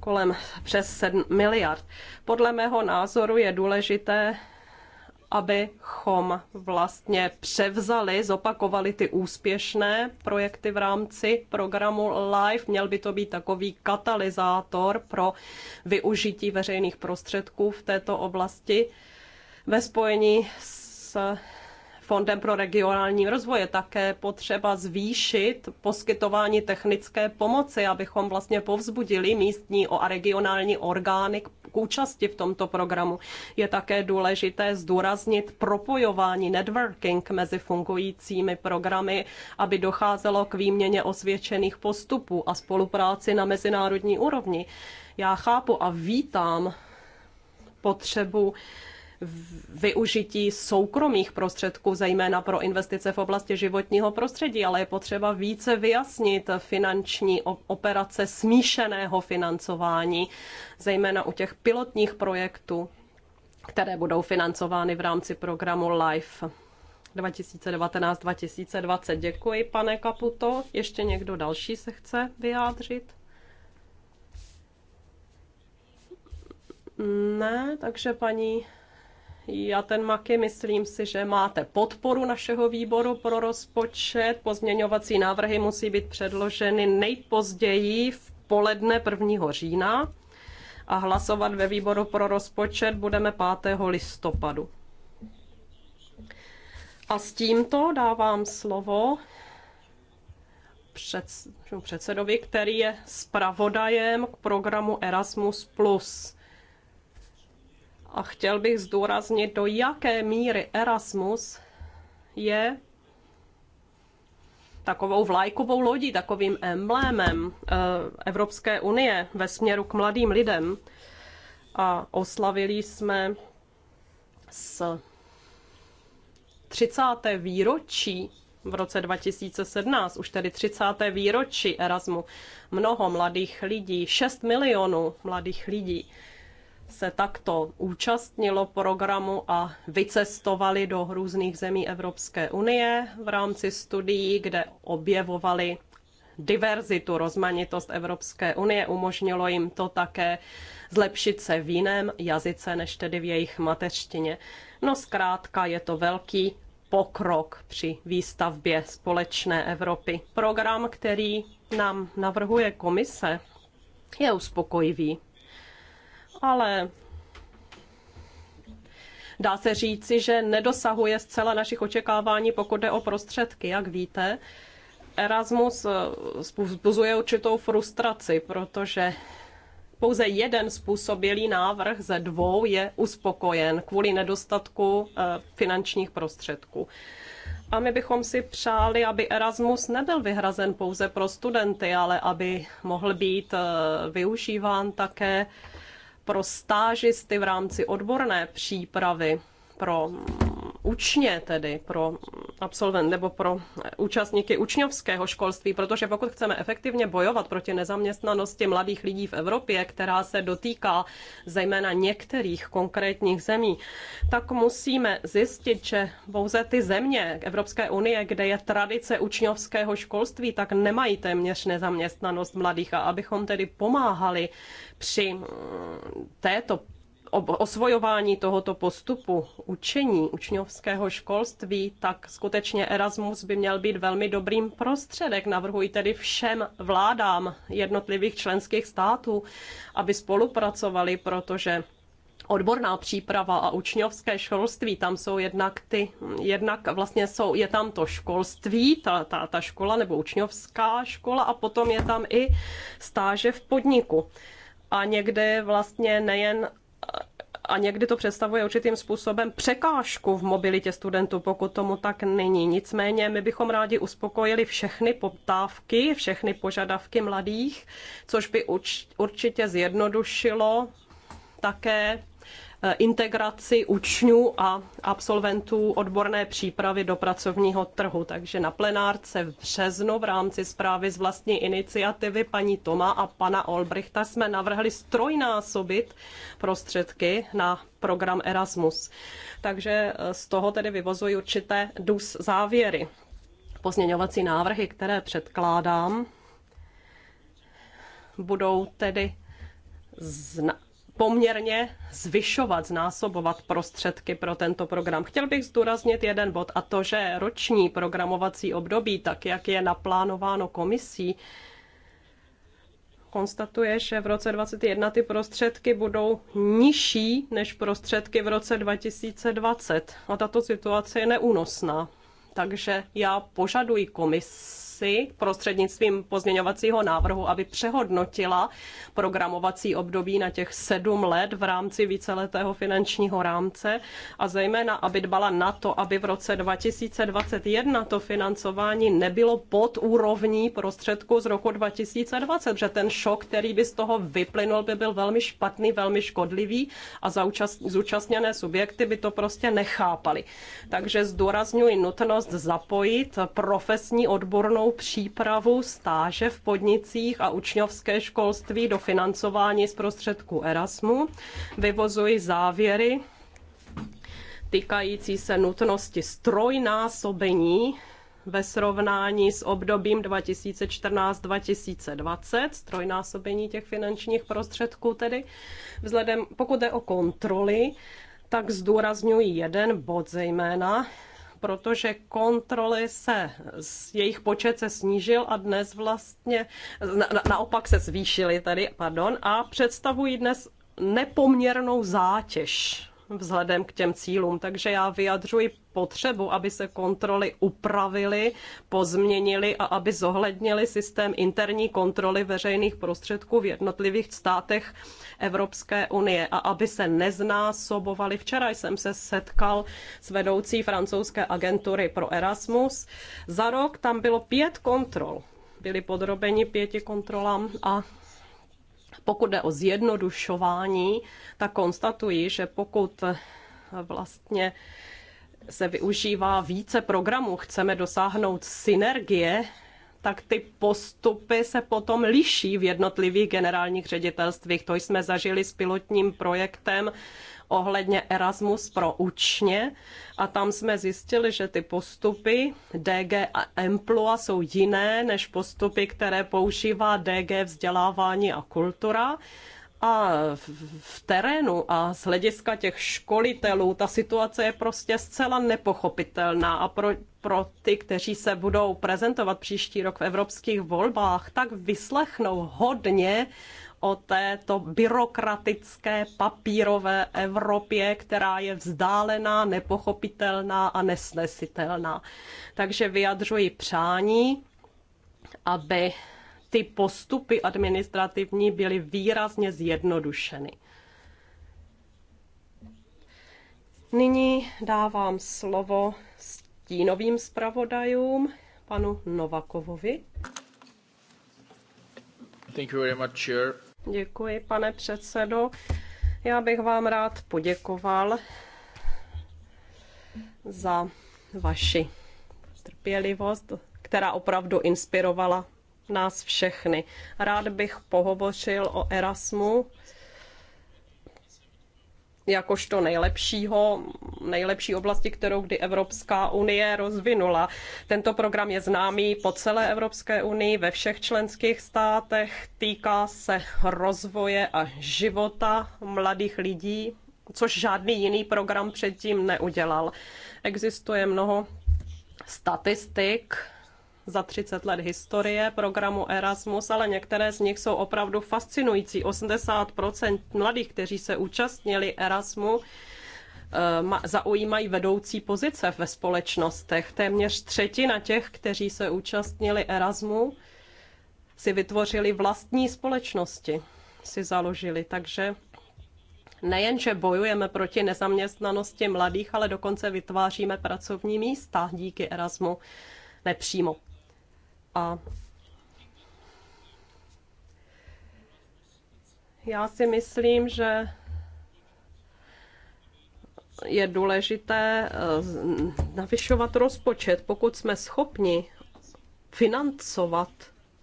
kolem přes 7 miliard. Podle mého názoru je důležité abychom vlastně převzali, zopakovali ty úspěšné projekty v rámci programu LIFE. Měl by to být takový katalyzátor pro využití veřejných prostředků v této oblasti ve spojení s Fondem pro regionální rozvoj. Je také potřeba zvýšit poskytování technické pomoci, abychom vlastně povzbudili místní a regionální orgány k účasti v tomto programu. Je také důležité zdůraznit propojování networking mezi fungujícími programy, aby docházelo k výměně osvědčených postupů a spolupráci na mezinárodní úrovni. Já chápu a vítám potřebu využití soukromých prostředků, zejména pro investice v oblasti životního prostředí, ale je potřeba více vyjasnit finanční operace smíšeného financování, zejména u těch pilotních projektů, které budou financovány v rámci programu LIFE. 2019-2020. Děkuji, pane Kaputo. Ještě někdo další se chce vyjádřit? Ne, takže paní já ten Maky, myslím si, že máte podporu našeho výboru pro rozpočet. Pozměňovací návrhy musí být předloženy nejpozději v poledne 1. října a hlasovat ve výboru pro rozpočet budeme 5. listopadu. A s tímto dávám slovo předsedovi, který je zpravodajem k programu Erasmus+. A chtěl bych zdůraznit, do jaké míry Erasmus je takovou vlajkovou lodí, takovým emblémem eh, Evropské unie ve směru k mladým lidem. A oslavili jsme s 30. výročí v roce 2017, už tedy 30. výročí Erasmu, mnoho mladých lidí, 6 milionů mladých lidí se takto účastnilo programu a vycestovali do různých zemí Evropské unie v rámci studií, kde objevovali diverzitu, rozmanitost Evropské unie. Umožnilo jim to také zlepšit se v jiném jazyce, než tedy v jejich mateřštině. No zkrátka je to velký pokrok při výstavbě společné Evropy. Program, který nám navrhuje komise, je uspokojivý ale dá se říci, že nedosahuje zcela našich očekávání, pokud jde o prostředky, jak víte. Erasmus eh, způsobuje určitou frustraci, protože pouze jeden způsobilý návrh ze dvou je uspokojen kvůli nedostatku eh, finančních prostředků. A my bychom si přáli, aby Erasmus nebyl vyhrazen pouze pro studenty, ale aby mohl být eh, využíván také pro stážisty v rámci odborné přípravy pro učně tedy, pro absolvent nebo pro účastníky učňovského školství, protože pokud chceme efektivně bojovat proti nezaměstnanosti mladých lidí v Evropě, která se dotýká zejména některých konkrétních zemí, tak musíme zjistit, že pouze ty země Evropské unie, kde je tradice učňovského školství, tak nemají téměř nezaměstnanost mladých. A abychom tedy pomáhali při této osvojování tohoto postupu učení, učňovského školství, tak skutečně Erasmus by měl být velmi dobrým prostředek. Navrhuji tedy všem vládám jednotlivých členských států, aby spolupracovali, protože odborná příprava a učňovské školství, tam jsou jednak ty, jednak vlastně jsou, je tam to školství, ta, ta, ta škola nebo učňovská škola a potom je tam i stáže v podniku. A někde vlastně nejen a někdy to představuje určitým způsobem překážku v mobilitě studentů, pokud tomu tak není. Nicméně my bychom rádi uspokojili všechny poptávky, všechny požadavky mladých, což by určitě zjednodušilo také Eh, integraci učňů a absolventů odborné přípravy do pracovního trhu. Takže na plenárce v březnu v rámci zprávy z vlastní iniciativy paní Toma a pana Olbrichta jsme navrhli strojnásobit prostředky na program Erasmus. Takže eh, z toho tedy vyvozuji určité dus závěry. Pozměňovací návrhy, které předkládám, budou tedy poměrně zvyšovat, znásobovat prostředky pro tento program. Chtěl bych zdůraznit jeden bod a to, že roční programovací období, tak jak je naplánováno komisí, konstatuje, že v roce 2021 ty prostředky budou nižší než prostředky v roce 2020. A tato situace je neúnosná. Takže já požaduji komis komisi prostřednictvím pozměňovacího návrhu, aby přehodnotila programovací období na těch sedm let v rámci víceletého finančního rámce a zejména, aby dbala na to, aby v roce 2021 to financování nebylo pod úrovní prostředků z roku 2020, že ten šok, který by z toho vyplynul, by byl velmi špatný, velmi škodlivý a zúčastněné subjekty by to prostě nechápaly. Takže zdůrazňuji nutnost zapojit profesní odbornou odbornou přípravu, stáže v podnicích a učňovské školství do financování z prostředků Erasmu. Vyvozuji závěry týkající se nutnosti strojnásobení ve srovnání s obdobím 2014-2020, strojnásobení těch finančních prostředků tedy. Vzhledem, pokud jde o kontroly, tak zdůrazňuji jeden bod zejména, protože kontroly se, jejich počet se snížil a dnes vlastně, na, naopak se zvýšily tady, pardon, a představují dnes nepoměrnou zátěž vzhledem k těm cílům. Takže já vyjadřuji potřebu, aby se kontroly upravily, pozměnily a aby zohlednili systém interní kontroly veřejných prostředků v jednotlivých státech Evropské unie a aby se neznásobovaly. Včera jsem se setkal s vedoucí francouzské agentury pro Erasmus. Za rok tam bylo pět kontrol byli podrobeni pěti kontrolám a pokud jde o zjednodušování, tak konstatuji, že pokud vlastně se využívá více programů, chceme dosáhnout synergie, tak ty postupy se potom liší v jednotlivých generálních ředitelstvích. To jsme zažili s pilotním projektem ohledně Erasmus pro učně a tam jsme zjistili, že ty postupy DG a Emploa jsou jiné než postupy, které používá DG vzdělávání a kultura a v terénu a z hlediska těch školitelů ta situace je prostě zcela nepochopitelná a pro, pro ty, kteří se budou prezentovat příští rok v evropských volbách, tak vyslechnou hodně o této byrokratické papírové Evropě, která je vzdálená, nepochopitelná a nesnesitelná. Takže vyjadřuji přání, aby ty postupy administrativní byly výrazně zjednodušeny. Nyní dávám slovo stínovým zpravodajům, panu Novakovovi. Thank you very much, Chair. Děkuji, pane předsedo. Já bych vám rád poděkoval za vaši trpělivost, která opravdu inspirovala nás všechny. Rád bych pohovořil o Erasmu jakožto nejlepšího, nejlepší oblasti, kterou kdy Evropská unie rozvinula. Tento program je známý po celé Evropské unii, ve všech členských státech, týká se rozvoje a života mladých lidí, což žádný jiný program předtím neudělal. Existuje mnoho statistik, za 30 let historie programu Erasmus, ale některé z nich jsou opravdu fascinující. 80% mladých, kteří se účastnili Erasmu, eh, zaujímají vedoucí pozice ve společnostech. Téměř třetina těch, kteří se účastnili Erasmu, si vytvořili vlastní společnosti, si založili. Takže nejen, že bojujeme proti nezaměstnanosti mladých, ale dokonce vytváříme pracovní místa díky Erasmu nepřímo. A já si myslím, že je důležité eh, navyšovat rozpočet, pokud jsme schopni financovat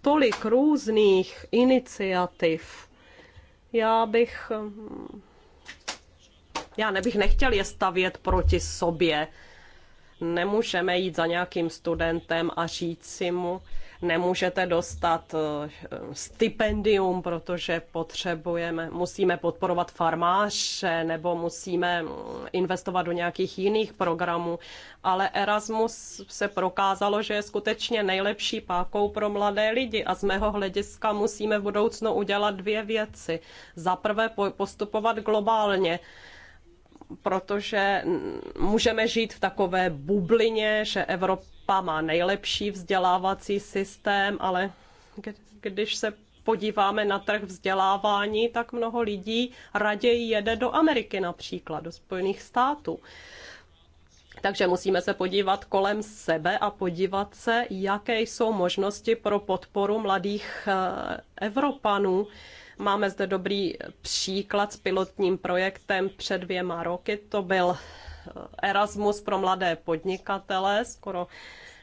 tolik různých iniciativ. Já bych. Eh, já nebych nechtěl je stavět proti sobě. Nemůžeme jít za nějakým studentem a říct si mu, nemůžete dostat eh, stipendium, protože potřebujeme, musíme podporovat farmáře nebo musíme mm, investovat do nějakých jiných programů. Ale Erasmus se prokázalo, že je skutečně nejlepší pákou pro mladé lidi a z mého hlediska musíme v budoucnu udělat dvě věci. Za prvé postupovat globálně protože mm, můžeme žít v takové bublině, že Evropa Evropa má nejlepší vzdělávací systém, ale když se podíváme na trh vzdělávání, tak mnoho lidí raději jede do Ameriky například, do Spojených států. Takže musíme se podívat kolem sebe a podívat se, jaké jsou možnosti pro podporu mladých eh, Evropanů. Máme zde dobrý příklad s pilotním projektem před dvěma roky. To byl Erasmus pro mladé podnikatele, skoro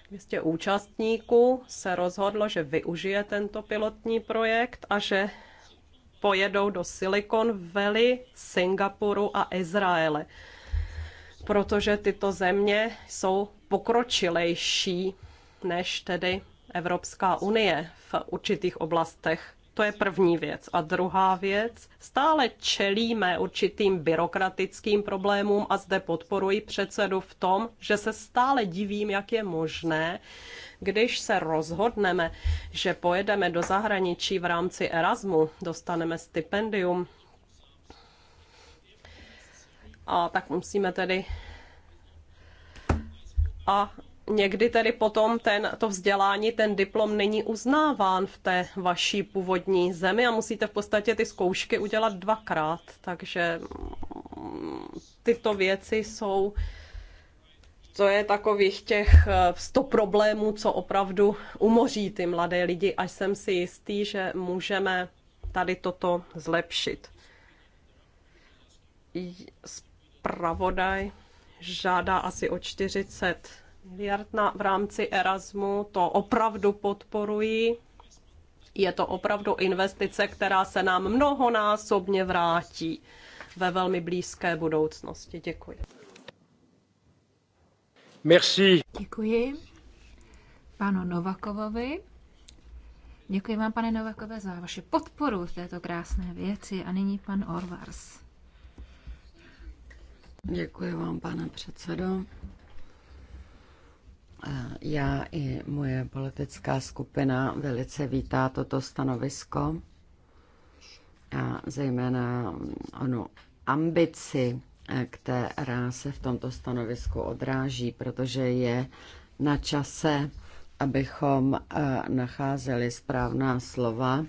200 účastníků, se rozhodlo, že využije tento pilotní projekt a že pojedou do Silicon Valley, Singapuru a Izraele, protože tyto země jsou pokročilejší než tedy Evropská unie v určitých oblastech. To je první věc. A druhá věc, stále čelíme určitým byrokratickým problémům a zde podporuji předsedu v tom, že se stále divím, jak je možné, když se rozhodneme, že pojedeme do zahraničí v rámci Erasmu, dostaneme stipendium, a tak musíme tedy a někdy tedy potom ten, to vzdělání, ten diplom není uznáván v té vaší původní zemi a musíte v podstatě ty zkoušky udělat dvakrát. Takže mm, tyto věci jsou, to je takových těch 100 eh, problémů, co opravdu umoří ty mladé lidi, až jsem si jistý, že můžeme tady toto zlepšit. Spravodaj žádá asi o 40 miliard na, v rámci Erasmu, to opravdu podporuji. Je to opravdu investice, která se nám mnohonásobně vrátí ve velmi blízké budoucnosti. Děkuji. Merci. Děkuji panu Novakovovi. Děkuji vám, pane Novakové, za vaši podporu v této krásné věci. A nyní pan Orvars. Děkuji vám, pane předsedo. Já i moje politická skupina velice vítá toto stanovisko a zejména onu ambici, která se v tomto stanovisku odráží, protože je na čase, abychom eh, nacházeli správná slova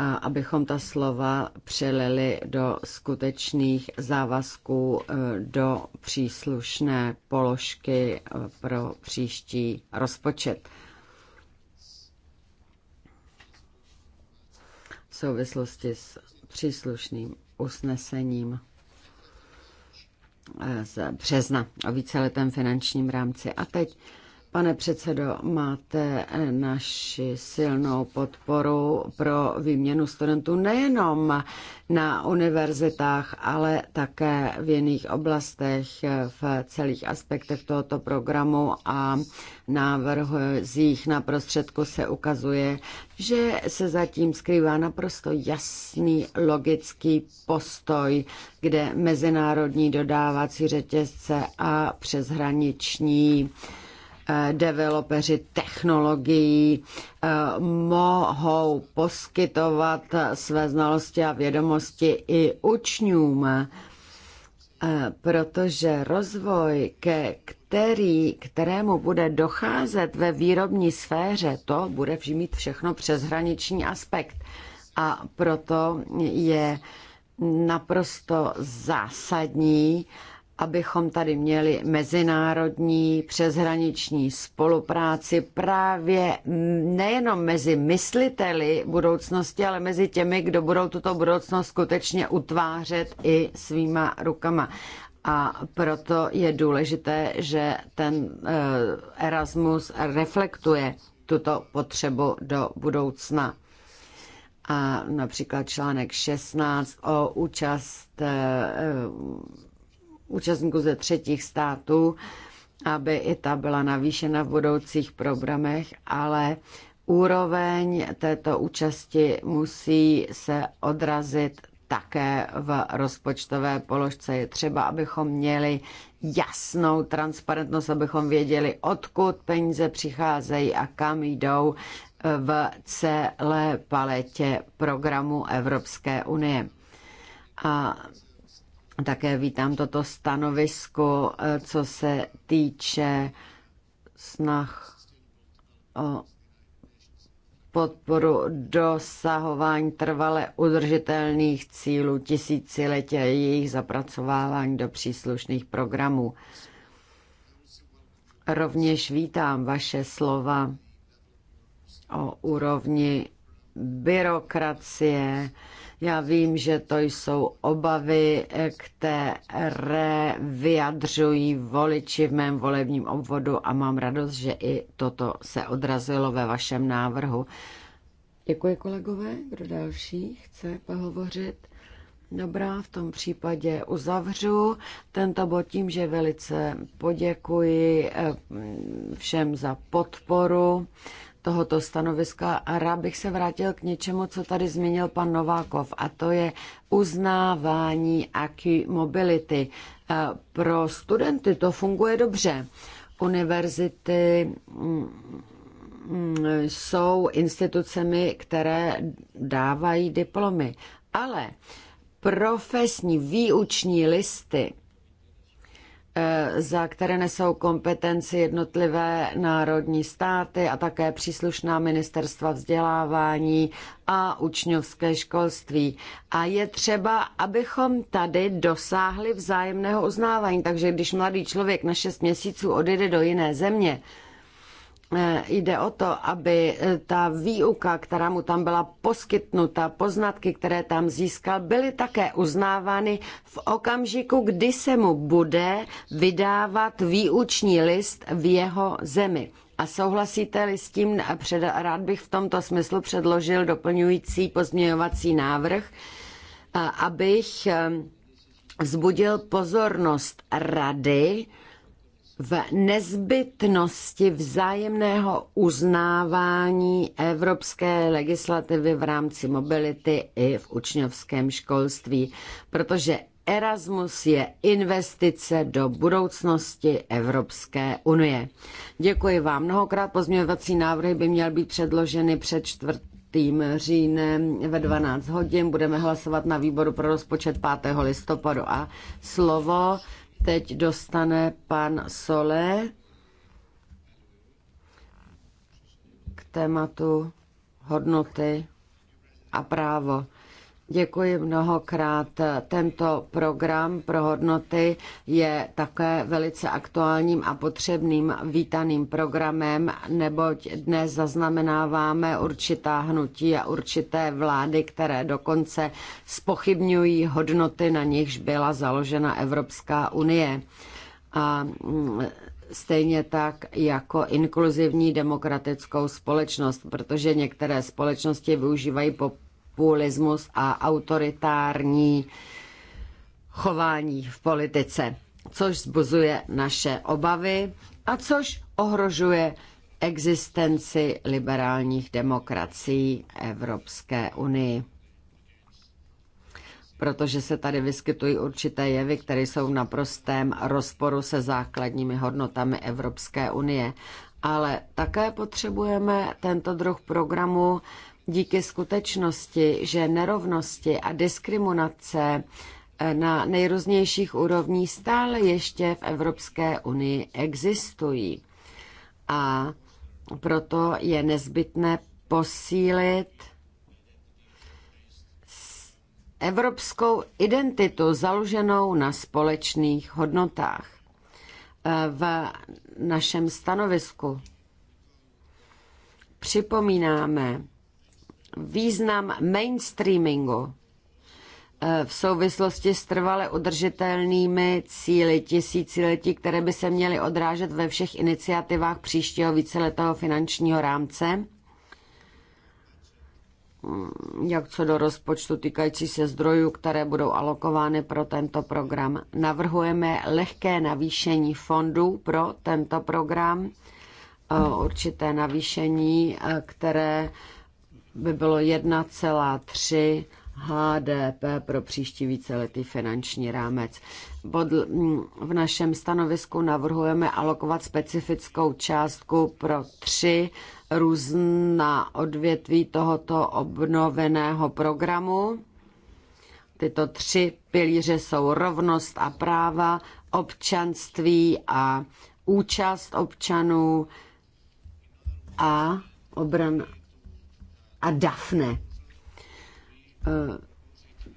a abychom ta slova přelili do skutečných závazků e, do příslušné položky e, pro příští rozpočet. V souvislosti s příslušným usnesením e, z března o víceletém finančním rámci. A teď Pane předsedo, máte naši silnou podporu pro výměnu studentů nejenom na univerzitách, ale také v jiných oblastech, v celých aspektech tohoto programu a jich na prostředku se ukazuje, že se zatím skrývá naprosto jasný logický postoj, kde mezinárodní dodávací řetězce a přeshraniční Eh, developeři technologií eh, mohou poskytovat své znalosti a vědomosti i učňům, eh, protože rozvoj, ke který, kterému bude docházet ve výrobní sféře, to bude mít všechno přeshraniční aspekt. A proto je naprosto zásadní, abychom tady měli mezinárodní přeshraniční spolupráci právě nejenom mezi mysliteli budoucnosti, ale mezi těmi, kdo budou tuto budoucnost skutečně utvářet i svýma rukama. A proto je důležité, že ten e, Erasmus reflektuje tuto potřebu do budoucna a například článek 16 o účast e, účastníků ze třetích států, aby i ta byla navýšena v budoucích programech, ale úroveň této účasti musí se odrazit také v rozpočtové položce. Je třeba, abychom měli jasnou transparentnost, abychom věděli, odkud peníze přicházejí a kam jdou v celé paletě programu Evropské unie. A také vítám toto stanovisko, eh, co se týče snah o podporu dosahování trvale udržitelných cílů tisíciletí a jejich zapracovávání do příslušných programů. Rovněž vítám vaše slova o úrovni byrokracie, já vím, že to jsou obavy, které vyjadřují voliči v mém volebním obvodu a mám radost, že i toto se odrazilo ve vašem návrhu. Děkuji kolegové. Kdo další chce pohovořit? Dobrá, v tom případě uzavřu tento bod tím, že velice poděkuji eh, všem za podporu tohoto stanoviska a rád bych se vrátil k něčemu, co tady zmínil pan Novákov, a to je uznávání aký mobility. E, pro studenty to funguje dobře. Univerzity mm, mm, jsou institucemi, které dávají diplomy, ale profesní výuční listy Eh, za které nesou kompetenci jednotlivé národní státy a také příslušná ministerstva vzdělávání a učňovské školství. A je třeba, abychom tady dosáhli vzájemného uznávání. Takže když mladý člověk na 6 měsíců odjede do jiné země, Eh, jde o to, aby eh, ta výuka, která mu tam byla poskytnuta, poznatky, které tam získal, byly také uznávány v okamžiku, kdy se mu bude vydávat výuční list v jeho zemi. A souhlasíte-li s tím, před, rád bych v tomto smyslu předložil doplňující pozměňovací návrh, eh, abych vzbudil pozornost rady, v nezbytnosti vzájemného uznávání evropské legislativy v rámci mobility i v učňovském školství, protože Erasmus je investice do budoucnosti Evropské unie. Děkuji vám mnohokrát. Pozměňovací návrhy by měl být předloženy před čtvrt tým říjnem ve 12 hodin. Budeme hlasovat na výboru pro rozpočet 5. listopadu. A slovo Teď dostane pan Solé k tématu hodnoty a právo. Děkuji mnohokrát. Tento program pro hodnoty je také velice aktuálním a potřebným vítaným programem, neboť dnes zaznamenáváme určitá hnutí a určité vlády, které dokonce spochybňují hodnoty, na nichž byla založena Evropská unie. A mm, stejně tak jako inkluzivní demokratickou společnost, protože některé společnosti využívají po populismus a autoritární chování v politice, což zbuzuje naše obavy a což ohrožuje existenci liberálních demokracií Evropské unii. Protože se tady vyskytují určité jevy, které jsou v naprostém rozporu se základními hodnotami Evropské unie. Ale také potřebujeme tento druh programu díky skutečnosti, že nerovnosti a diskriminace eh, na nejrůznějších úrovních stále ještě v Evropské unii existují. A proto je nezbytné posílit evropskou identitu založenou na společných hodnotách. Eh, v našem stanovisku připomínáme, význam mainstreamingu eh, v souvislosti s trvale udržitelnými cíly tisíciletí, které by se měly odrážet ve všech iniciativách příštího víceletého finančního rámce, hmm, jak co do rozpočtu týkající se zdrojů, které budou alokovány pro tento program. Navrhujeme lehké navýšení fondů pro tento program, eh, určité navýšení, eh, které by bylo 1,3 HDP pro příští víceletý finanční rámec. Mm, v našem stanovisku navrhujeme alokovat specifickou částku pro tři různá odvětví tohoto obnoveného programu. Tyto tři pilíře jsou rovnost a práva, občanství a účast občanů a obrana a Dafne. E,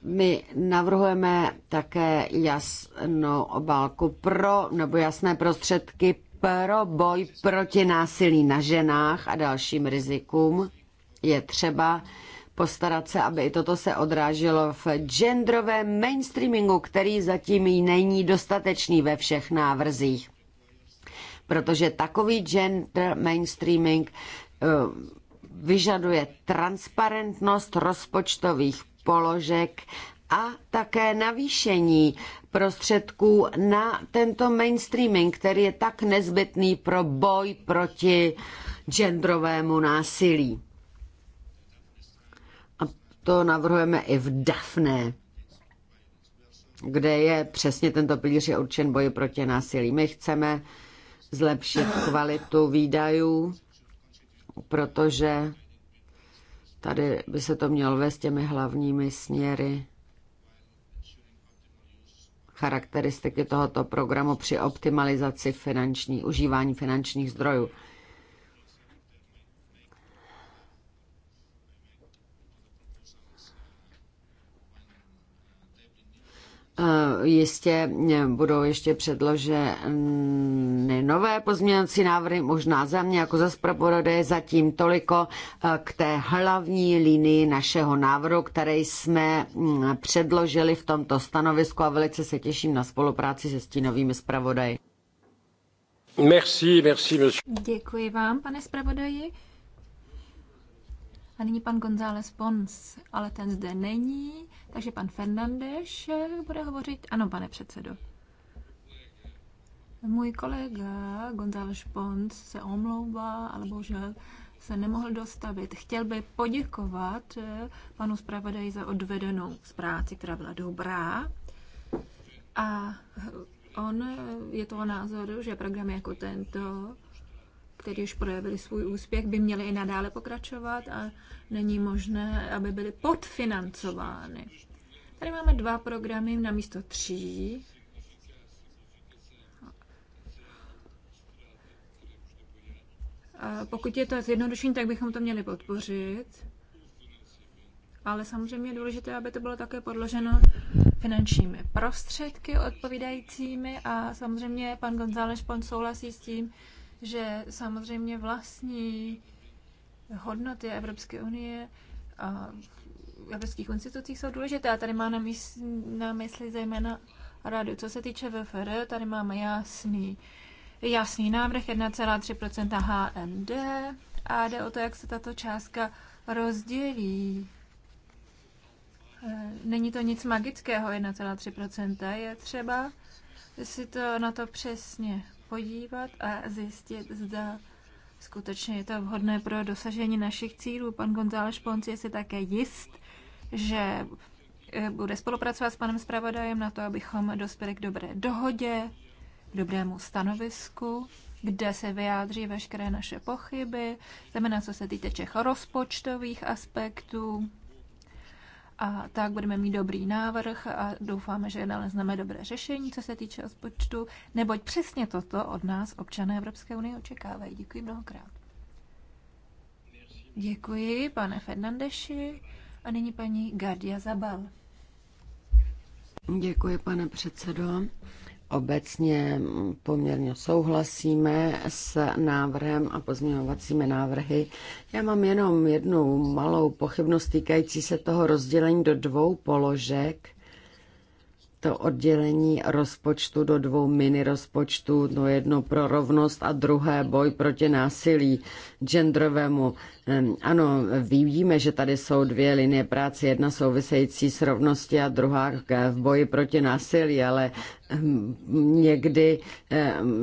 my navrhujeme také jasnou obálku pro, nebo jasné prostředky pro boj proti násilí na ženách a dalším rizikům. Je třeba postarat se, aby i toto se odráželo v genderovém mainstreamingu, který zatím není dostatečný ve všech návrzích. Protože takový gender mainstreaming vyžaduje transparentnost rozpočtových položek a také navýšení prostředků na tento mainstreaming, který je tak nezbytný pro boj proti genderovému násilí. A to navrhujeme i v DAFNE, kde je přesně tento pilíř určen boji proti násilí. My chceme zlepšit kvalitu výdajů protože tady by se to mělo vést těmi hlavními směry charakteristiky tohoto programu při optimalizaci finanční, užívání finančních zdrojů. Eh, jistě eh, budou ještě předloženy nové pozměňovací návrhy, možná za mě jako za zpravodaje, zatím toliko eh, k té hlavní linii našeho návrhu, který jsme mm, předložili v tomto stanovisku a velice se těším na spolupráci se stínovými zpravodaji. Merci, merci, monsieur. Děkuji vám, pane zpravodaji. A nyní pan González Pons, ale ten zde není, takže pan Fernandeš eh, bude hovořit. Ano, pane předsedo. Můj kolega González Pons se omlouvá, ale bohužel se nemohl dostavit. Chtěl by poděkovat eh, panu zpravodaji za odvedenou z práci, která byla dobrá. A on eh, je toho názoru, že programy jako tento které už projevily svůj úspěch, by měly i nadále pokračovat a není možné, aby byly podfinancovány. Tady máme dva programy na místo tří. A pokud je to zjednodušení, tak bychom to měli podpořit. Ale samozřejmě je důležité, aby to bylo také podloženo finančními prostředky odpovídajícími a samozřejmě pan González Pon souhlasí s tím, že samozřejmě vlastní hodnoty Evropské unie a evropských institucích jsou důležité. A tady má na, mysli, na mysli zejména radu. Co se týče VFR, tady máme jasný, jasný návrh 1,3 HND a jde o to, jak se tato částka rozdělí. E, není to nic magického, 1,3 Je třeba si to na to přesně podívat a zjistit, zda skutečně je to vhodné pro dosažení našich cílů. Pan González Ponci je si také jist, že e, bude spolupracovat s panem zpravodajem na to, abychom dospěli k dobré dohodě, k dobrému stanovisku, kde se vyjádří veškeré naše pochyby, zejména co se týče rozpočtových aspektů, a tak budeme mít dobrý návrh a doufáme, že nalezneme dobré řešení, co se týče rozpočtu, neboť přesně toto od nás občané Evropské unie očekávají. Děkuji mnohokrát. Děkuji, pane Fernandeši. A nyní paní Gardia Zabal. Děkuji, pane předsedo obecně poměrně souhlasíme s návrhem a pozměňovacími návrhy. Já mám jenom jednu malou pochybnost týkající se toho rozdělení do dvou položek. To oddělení rozpočtu do dvou mini rozpočtů, no jedno pro rovnost a druhé boj proti násilí genderovému. Ehm, ano, vidíme, že tady jsou dvě linie práce, jedna související s rovností a druhá v boji proti násilí, ale někdy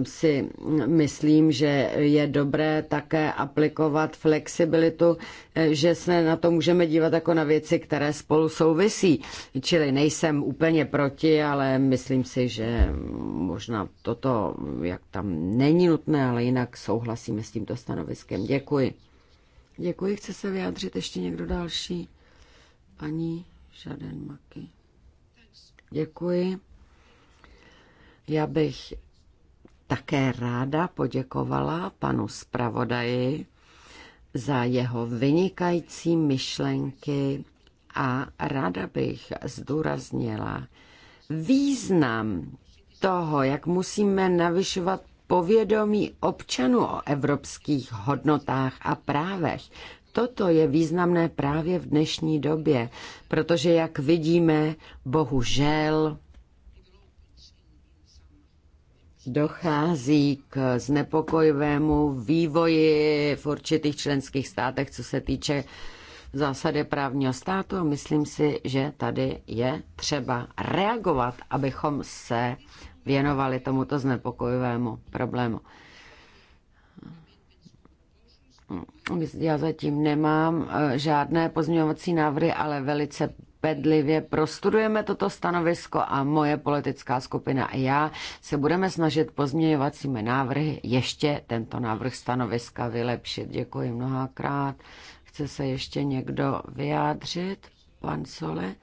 si myslím, že je dobré také aplikovat flexibilitu, eh, že se na to můžeme dívat jako na věci, které spolu souvisí. Čili nejsem úplně proti, ale myslím si, že možná toto, jak tam není nutné, ale jinak souhlasíme s tímto stanoviskem. Děkuji. Děkuji. Chce se vyjádřit ještě někdo další? Paní Žaden Maky. Děkuji. Já bych také ráda poděkovala panu zpravodaji za jeho vynikající myšlenky a ráda bych zdůraznila význam toho, jak musíme navyšovat povědomí občanů o evropských hodnotách a právech. Toto je významné právě v dnešní době, protože, jak vidíme, bohužel dochází k znepokojivému vývoji v určitých členských státech, co se týče zásady právního státu myslím si, že tady je třeba reagovat, abychom se věnovali tomuto znepokojivému problému. Já zatím nemám eh, žádné pozměňovací návrhy, ale velice bedlivě prostudujeme toto stanovisko a moje politická skupina a já se budeme snažit pozměňovacími návrhy ještě tento návrh stanoviska vylepšit. Děkuji mnohokrát. Chce se ještě někdo vyjádřit? Pan Sole?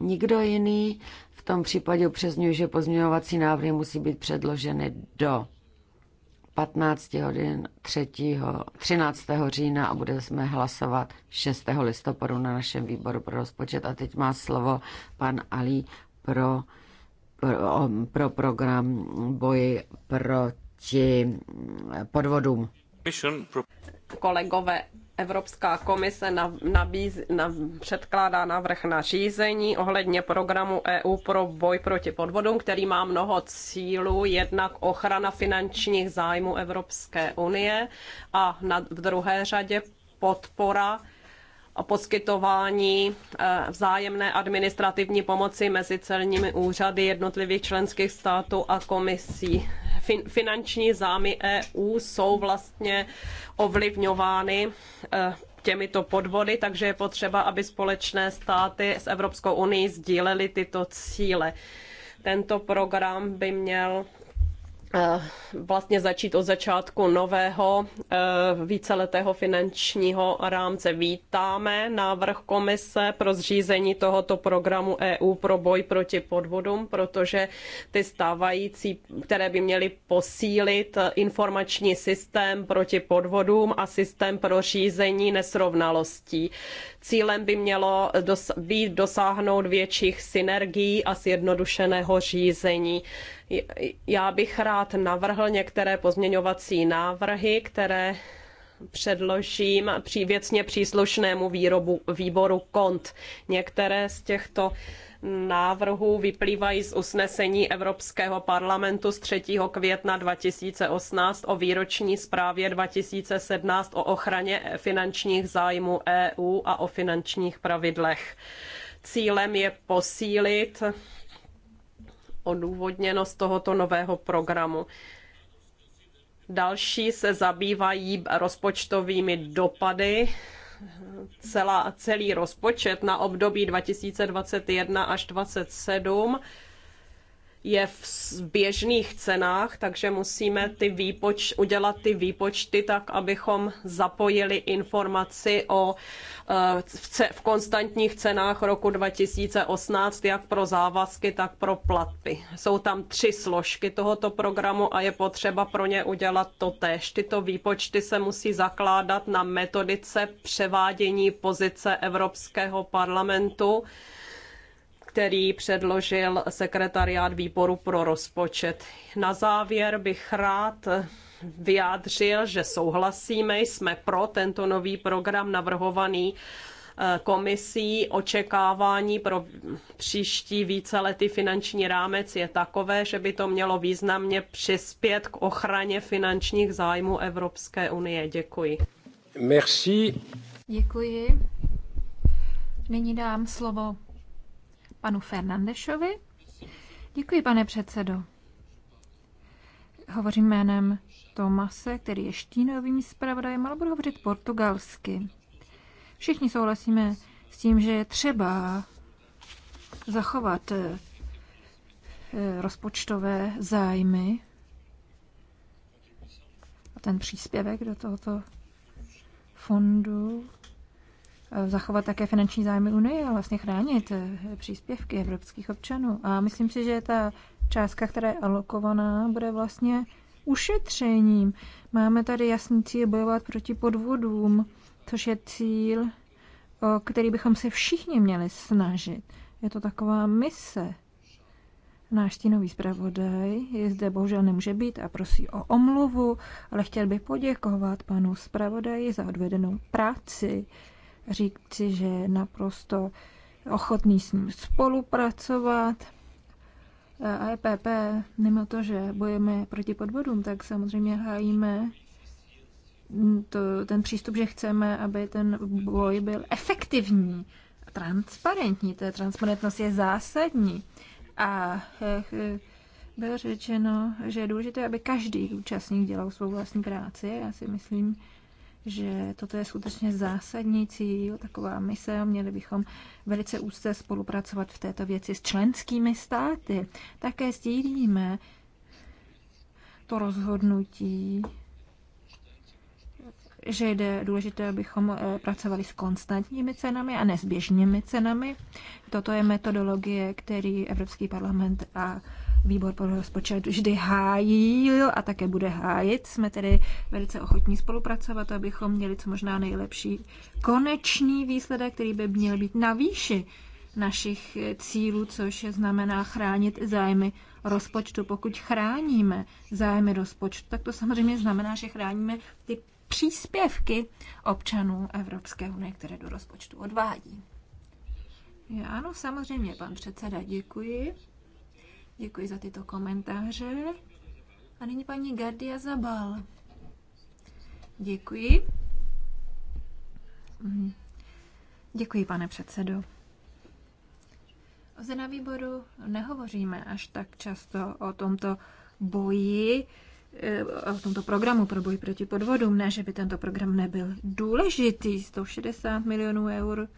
Nikdo jiný? V tom případě upřesňuji, že pozměňovací návrhy musí být předloženy do 15. hodin 3. 13. října a budeme hlasovat 6. listopadu na našem výboru pro rozpočet. A teď má slovo pan Ali pro, pro, pro program boji proti podvodům. Kolegové, Evropská komise nabízí, předkládá návrh na řízení ohledně programu EU pro boj proti podvodům, který má mnoho cílů, jednak ochrana finančních zájmů Evropské unie a na, v druhé řadě podpora a poskytování e, vzájemné administrativní pomoci mezi celními úřady jednotlivých členských států a komisí fin, finanční zámy EU jsou vlastně ovlivňovány eh, těmito podvody, takže je potřeba, aby společné státy s Evropskou unii sdílely tyto cíle. Tento program by měl Eh, vlastně začít od začátku nového eh, víceletého finančního rámce. Vítáme návrh komise pro zřízení tohoto programu EU pro boj proti podvodům, protože ty stávající, které by měly posílit eh, informační systém proti podvodům a systém pro řízení nesrovnalostí. Cílem by mělo dos- být dosáhnout větších synergií a zjednodušeného řízení já bych rád navrhl některé pozměňovací návrhy, které předložím přívěcně příslušnému výrobu, výboru KONT. Některé z těchto návrhů vyplývají z usnesení Evropského parlamentu z 3. května 2018 o výroční zprávě 2017 o ochraně finančních zájmů EU a o finančních pravidlech. Cílem je posílit odůvodněnost tohoto nového programu. Další se zabývají rozpočtovými dopady. Celá, celý rozpočet na období 2021 až 2027 je v běžných cenách, takže musíme ty výpoč, udělat ty výpočty tak, abychom zapojili informaci o eh, v, konstantních cenách roku 2018, jak pro závazky, tak pro platby. Jsou tam tři složky tohoto programu a je potřeba pro ně udělat to též. Tyto výpočty se musí zakládat na metodice převádění pozice Evropského parlamentu který předložil sekretariát výboru pro rozpočet. Na závěr bych rád vyjádřil, že souhlasíme, jsme pro tento nový program navrhovaný eh, komisí očekávání pro příští víceletý finanční rámec je takové, že by to mělo významně přispět k ochraně finančních zájmů Evropské unie. Děkuji. Merci. Děkuji. Nyní dám slovo panu Fernandešovi. Děkuji, pane předsedo. Hovořím jménem Tomase, který je štínovým zpravodajem, ale budu hovořit portugalsky. Všichni souhlasíme s tím, že je třeba zachovat eh, rozpočtové zájmy a ten příspěvek do tohoto fondu zachovat také finanční zájmy Unie a vlastně chránit eh, příspěvky evropských občanů. A myslím si, že ta částka, která je alokovaná, bude vlastně ušetřením. Máme tady jasný cíl bojovat proti podvodům, což je cíl, o který bychom se všichni měli snažit. Je to taková mise. Náš stínový zpravodaj je zde bohužel nemůže být a prosí o omluvu, ale chtěl bych poděkovat panu zpravodaji za odvedenou práci říci, že je naprosto ochotný s ním spolupracovat. A EPP, mimo to, že bojujeme proti podvodům, tak samozřejmě hájíme to, ten přístup, že chceme, aby ten boj byl efektivní, transparentní. Ta transparentnost je zásadní. A e, e, bylo řečeno, že je důležité, aby každý účastník dělal svou vlastní práci. Já si myslím, že toto je skutečně zásadní cíl, taková mise a měli bychom velice úzce spolupracovat v této věci s členskými státy. Také sdílíme to rozhodnutí, že jde důležité, abychom e, pracovali s konstantními cenami a nezběžnými cenami. Toto je metodologie, který Evropský parlament a výbor pro rozpočet vždy hájil a také bude hájit. Jsme tedy velice ochotní spolupracovat, abychom měli co možná nejlepší konečný výsledek, který by měl být na výši našich cílů, což znamená chránit zájmy rozpočtu. Pokud chráníme zájmy rozpočtu, tak to samozřejmě znamená, že chráníme ty příspěvky občanů Evropské unie, které do rozpočtu odvádí. Ano, samozřejmě, pan předseda, děkuji. Děkuji za tyto komentáře. A nyní paní Gardia Zabal. Děkuji. Mhm. Děkuji, pane předsedo. Zde na výboru nehovoříme až tak často o tomto boji, eh, o tomto programu pro boj proti podvodům. Ne, že by tento program nebyl důležitý. 160 milionů eur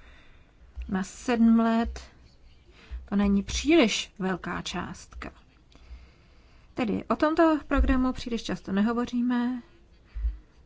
na sedm let to není příliš velká částka. Tedy o tomto programu příliš často nehovoříme,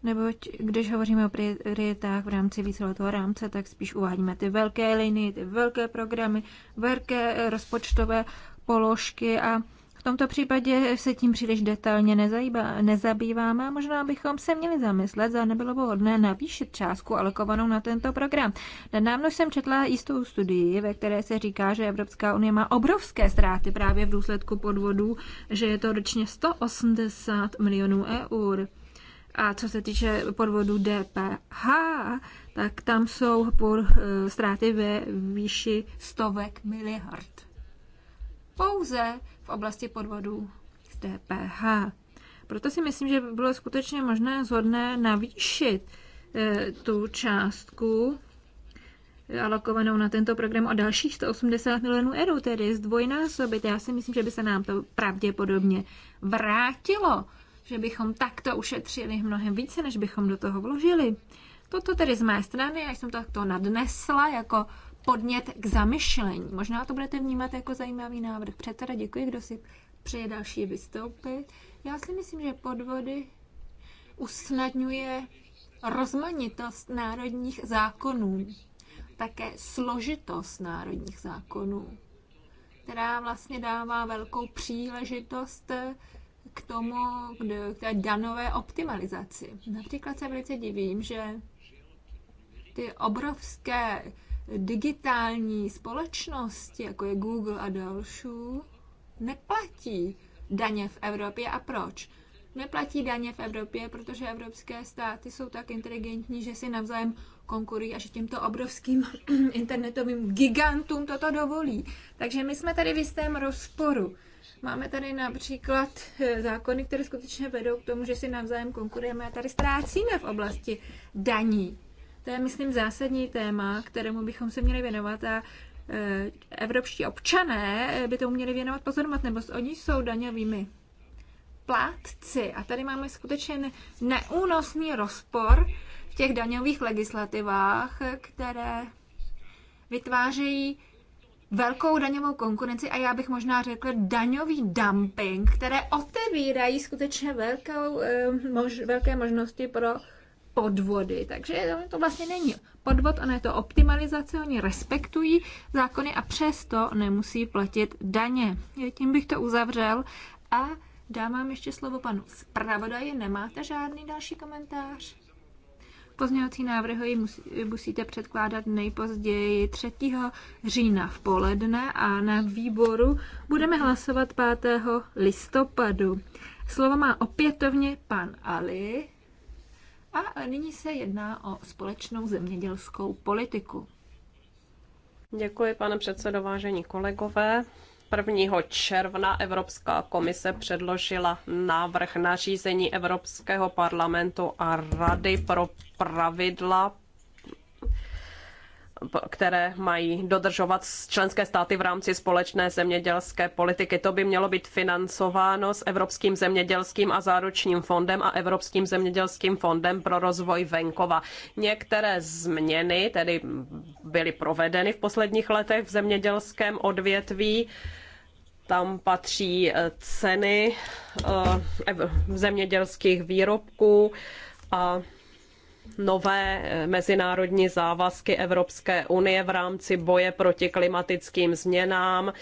neboť když hovoříme o prioritách v rámci víceletého rámce, tak spíš uvádíme ty velké linie, ty velké programy, velké rozpočtové položky a tomto případě se tím příliš detailně nezajíba, nezabýváme a možná bychom se měli zamyslet, zda nebylo vhodné navýšit částku alokovanou na tento program. Nedávno jsem četla jistou studii, ve které se říká, že Evropská unie má obrovské ztráty právě v důsledku podvodů, že je to ročně 180 milionů eur. A co se týče podvodu DPH, tak tam jsou eh, ztráty ve výši stovek miliard pouze v oblasti podvodů z DPH. Proto si myslím, že by bylo skutečně možné zhodné navýšit eh, tu částku eh, alokovanou na tento program o dalších 180 milionů eur, tedy zdvojnásobit. Já si myslím, že by se nám to pravděpodobně vrátilo, že bychom takto ušetřili mnohem více, než bychom do toho vložili. Toto tedy z mé strany, já jsem to takto nadnesla jako podnět k zamyšlení. Možná to budete vnímat jako zajímavý návrh. Předseda, děkuji, kdo si přeje další vystoupit. Já si myslím, že podvody usnadňuje rozmanitost národních zákonů, také složitost národních zákonů, která vlastně dává velkou příležitost k tomu, k té danové optimalizaci. Například se velice divím, že ty obrovské digitální společnosti, jako je Google a další, neplatí daně v Evropě. A proč? Neplatí daně v Evropě, protože evropské státy jsou tak inteligentní, že si navzájem konkurují a že těmto obrovským internetovým gigantům toto dovolí. Takže my jsme tady v jistém rozporu. Máme tady například eh, zákony, které skutečně vedou k tomu, že si navzájem konkurujeme a tady ztrácíme v oblasti daní. To je, myslím, zásadní téma, kterému bychom se měli věnovat a e, evropští občané e, by tomu měli věnovat pozornost, nebo oni jsou daňovými plátci. A tady máme skutečně neúnosný rozpor v těch daňových legislativách, které vytvářejí velkou daňovou konkurenci a já bych možná řekla daňový dumping, které otevírají skutečně velkou, e, mož, velké možnosti pro podvody. Takže to vlastně není podvod, ono je to optimalizace, oni respektují zákony a přesto nemusí platit daně. Tím bych to uzavřel a dám vám ještě slovo panu zpravodaji. Nemáte žádný další komentář? Pozměňovací návrhy musíte předkládat nejpozději 3. října v poledne a na výboru budeme hlasovat 5. listopadu. Slovo má opětovně pan Ali. A nyní se jedná o společnou zemědělskou politiku. Děkuji, pane předsedo, vážení kolegové. 1. června Evropská komise předložila návrh nařízení Evropského parlamentu a Rady pro pravidla které mají dodržovat členské státy v rámci společné zemědělské politiky. To by mělo být financováno s Evropským zemědělským a záručním fondem a Evropským zemědělským fondem pro rozvoj venkova. Některé změny tedy byly provedeny v posledních letech v zemědělském odvětví. Tam patří eh, ceny eh, zemědělských výrobků a nové eh, mezinárodní závazky Evropské unie v rámci boje proti klimatickým změnám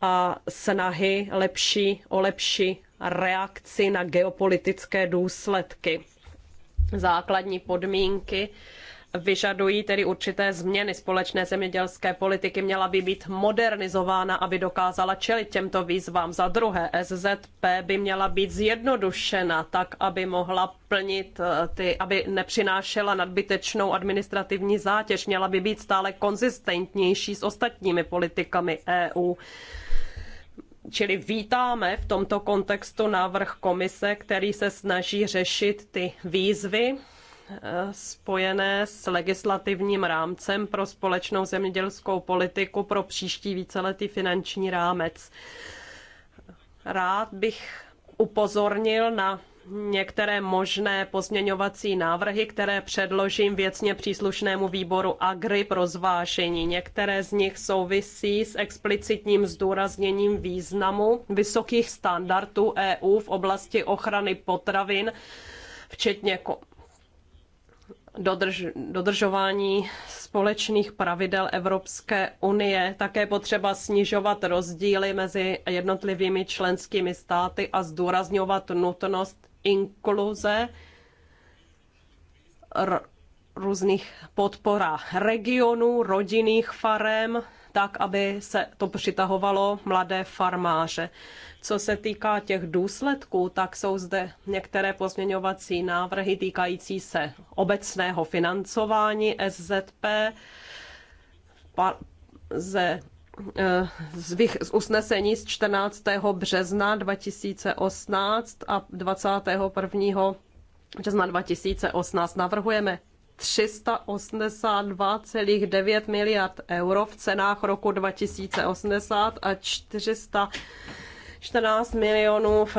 a snahy lepší, o lepší reakci na geopolitické důsledky. Základní podmínky vyžadují tedy určité změny společné zemědělské politiky, měla by být modernizována, aby dokázala čelit těmto výzvám. Za druhé, SZP by měla být zjednodušena tak, aby mohla plnit eh, ty, aby nepřinášela nadbytečnou administrativní zátěž, měla by být stále konzistentnější s ostatními politikami EU. Čili vítáme v tomto kontextu návrh komise, který se snaží řešit ty výzvy, spojené s legislativním rámcem pro společnou zemědělskou politiku pro příští víceletý finanční rámec. Rád bych upozornil na některé možné pozměňovací návrhy, které předložím věcně příslušnému výboru Agri pro zvážení. Některé z nich souvisí s explicitním zdůrazněním významu vysokých standardů EU v oblasti ochrany potravin, včetně dodrž, dodržování společných pravidel Evropské unie, také potřeba snižovat rozdíly mezi jednotlivými členskými státy a zdůrazňovat nutnost inkluze různých podpora regionů, rodinných farem, tak, aby se to přitahovalo mladé farmáře. Co se týká těch důsledků, tak jsou zde některé pozměňovací návrhy týkající se obecného financování SZP ze eh, z usnesení z 14. března 2018 a 21. března 2018 navrhujeme 382,9 miliard euro v cenách roku 2080 a 400 14 milionů v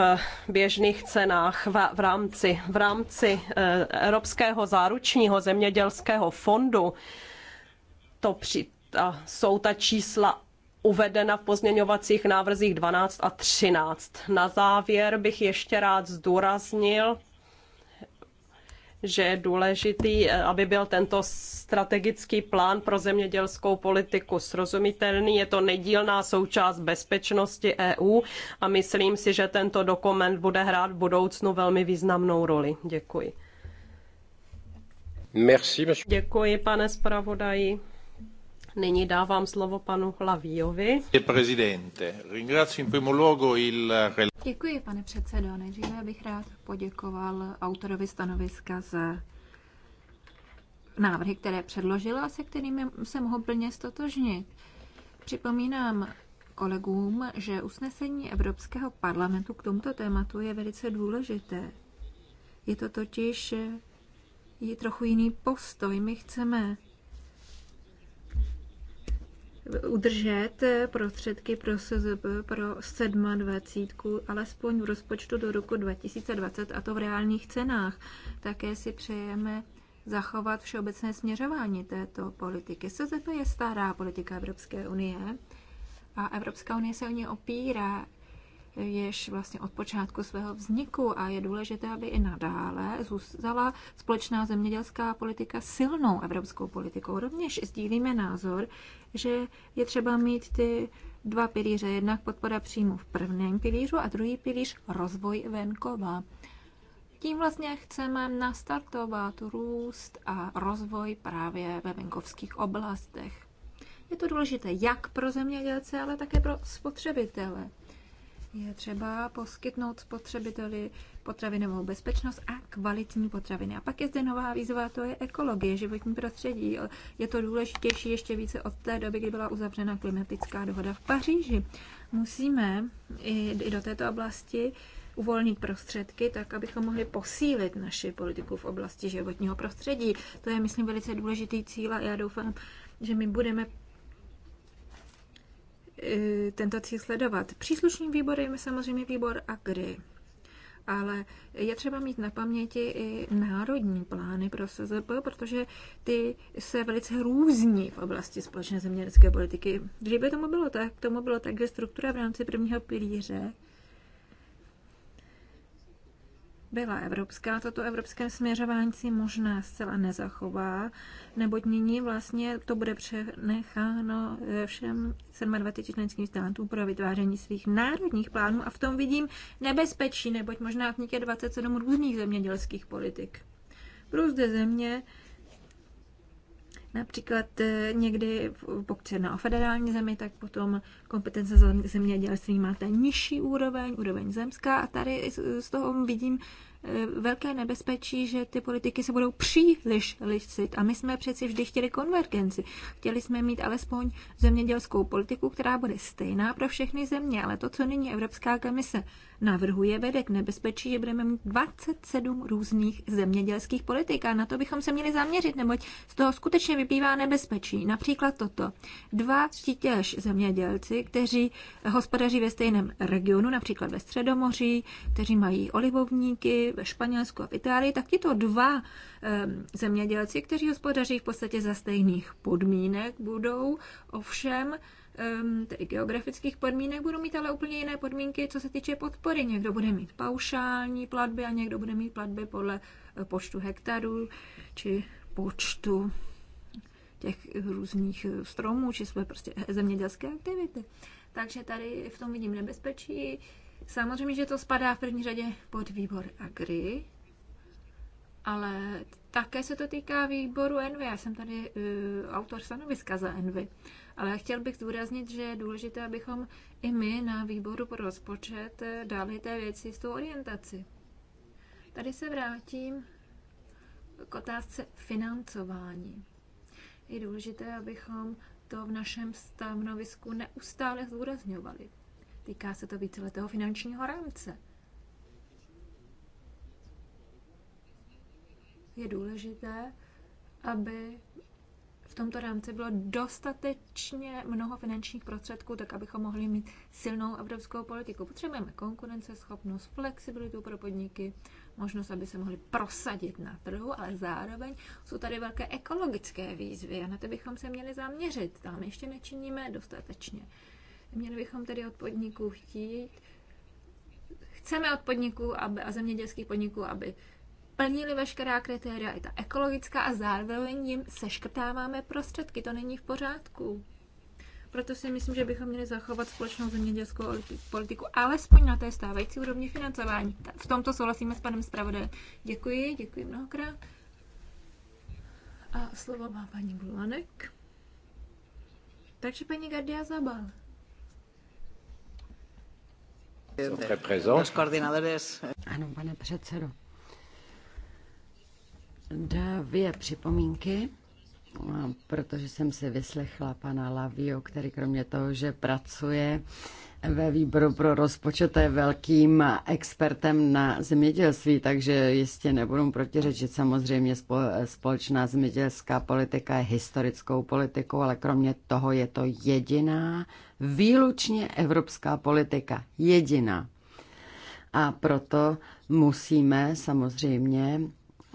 běžných cenách v, rámci, v rámci eh, Evropského záručního zemědělského fondu. To při, ta, jsou ta čísla uvedena v pozměňovacích návrzích 12 a 13. Na závěr bych ještě rád zdůraznil že je důležitý, eh, aby byl tento strategický plán pro zemědělskou politiku srozumitelný. Je to nedílná součást bezpečnosti EU a myslím si, že tento dokument bude hrát v budoucnu velmi významnou roli. Děkuji. Merci, Děkuji, pane zpravodaji. Nyní dávám slovo panu Lavíjovi. Děkuji, pane předsedo. Nejdříve bych rád poděkoval autorovi stanoviska za návrhy, které předložila, a se kterými se mohu plně stotožnit. Připomínám kolegům, že usnesení Evropského parlamentu k tomuto tématu je velice důležité. Je to totiž je trochu jiný postoj. My chceme udržet prostředky pro, SZB, pro 27, alespoň v rozpočtu do roku 2020, a to v reálných cenách. Také si přejeme zachovat všeobecné směřování této politiky. SZP je stará politika Evropské unie a Evropská unie se o ně opírá jež vlastně od počátku svého vzniku a je důležité, aby i nadále zůstala společná zemědělská politika silnou evropskou politikou. Rovněž sdílíme názor, že je třeba mít ty dva pilíře, jednak podpora příjmu v prvním pilířu a druhý pilíř rozvoj venkova. Tím vlastně chceme nastartovat růst a rozvoj právě ve venkovských oblastech. Je to důležité jak pro zemědělce, ale také pro spotřebitele je třeba poskytnout spotřebiteli potravinovou bezpečnost a kvalitní potraviny. A pak je zde nová výzva, to je ekologie, životní prostředí. Je to důležitější ještě více od té doby, kdy byla uzavřena klimatická dohoda v Paříži. Musíme i do této oblasti uvolnit prostředky, tak abychom mohli posílit naši politiku v oblasti životního prostředí. To je, myslím, velice důležitý cíl a já doufám, že my budeme Eh, tento cíl sledovat. Příslušným výborem je samozřejmě výbor AGRI, ale je třeba mít na paměti i národní plány pro SZP, protože ty se velice různí v oblasti společné zemědělské politiky. Dříve tomu bylo tak, tomu bylo tak, že struktura v rámci prvního pilíře byla evropská, toto evropské směřování si možná zcela nezachová, neboť nyní vlastně to bude přenecháno eh, všem 27 členským státům pro vytváření svých národních plánů a v tom vidím nebezpečí, neboť možná vznikne 27 různých zemědělských politik. Průzde země, Například eh, někdy, pokud se na federální zemi, tak potom kompetence zemědělství máte nižší úroveň, úroveň zemská a tady z toho vidím Eh, velké nebezpečí, že ty politiky se budou příliš lišit. A my jsme přeci vždy chtěli konvergenci. Chtěli jsme mít alespoň zemědělskou politiku, která bude stejná pro všechny země, ale to, co nyní Evropská komise navrhuje, vede k nebezpečí, že budeme mít 27 různých zemědělských politik a na to bychom se měli zaměřit, neboť z toho skutečně vyplývá nebezpečí. Například toto. Dva titěž zemědělci, kteří hospodaří ve stejném regionu, například ve Středomoří, kteří mají olivovníky, ve Španělsku a v Itálii, tak tito dva ehm, zemědělci, kteří hospodaří v podstatě za stejných podmínek, budou ovšem ehm, tedy geografických podmínek budou mít ale úplně jiné podmínky, co se týče podpory. Někdo bude mít paušální platby a někdo bude mít platby podle eh, počtu hektarů či počtu těch různých eh, stromů či své prostě zemědělské aktivity. Takže tady v tom vidím nebezpečí. Samozřejmě, že to spadá v první řadě pod výbor Agri, ale také se to týká výboru Envy. Já jsem tady uh, autor stanoviska za Envy. Ale chtěl bych zdůraznit, že je důležité, abychom i my na výboru pro rozpočet eh, dali té věci s tou orientaci. Tady se vrátím k otázce financování. Je důležité, abychom to v našem stanovisku neustále zdůrazňovali. Týká se to víceletého finančního rámce. Je důležité, aby v tomto rámci bylo dostatečně mnoho finančních prostředků, tak abychom mohli mít silnou evropskou politiku. Potřebujeme konkurenceschopnost, flexibilitu pro podniky, možnost, aby se mohli prosadit na trhu, ale zároveň jsou tady velké ekologické výzvy a na to bychom se měli zaměřit. Tam ještě nečiníme dostatečně. Měli bychom tedy od podniků chtít, chceme od podniků aby, a zemědělských podniků, aby plnili veškerá kritéria, i ta ekologická, a zároveň jim seškrtáváme prostředky. To není v pořádku. Proto si myslím, že bychom měli zachovat společnou zemědělskou politiku, alespoň na té stávající úrovni financování. V tomto souhlasíme s panem zpravodajem. Děkuji, děkuji mnohokrát. A slovo má paní Bulanek. Takže paní Gardia Zabal. Ano, pane předsedo. Dvě připomínky, protože jsem si vyslechla pana Lavio, který kromě toho, že pracuje, ve výboru pro rozpočet je velkým expertem na zemědělství, takže jistě nebudu protiřečit. Samozřejmě společná zemědělská politika je historickou politikou, ale kromě toho je to jediná, výlučně evropská politika. Jediná. A proto musíme samozřejmě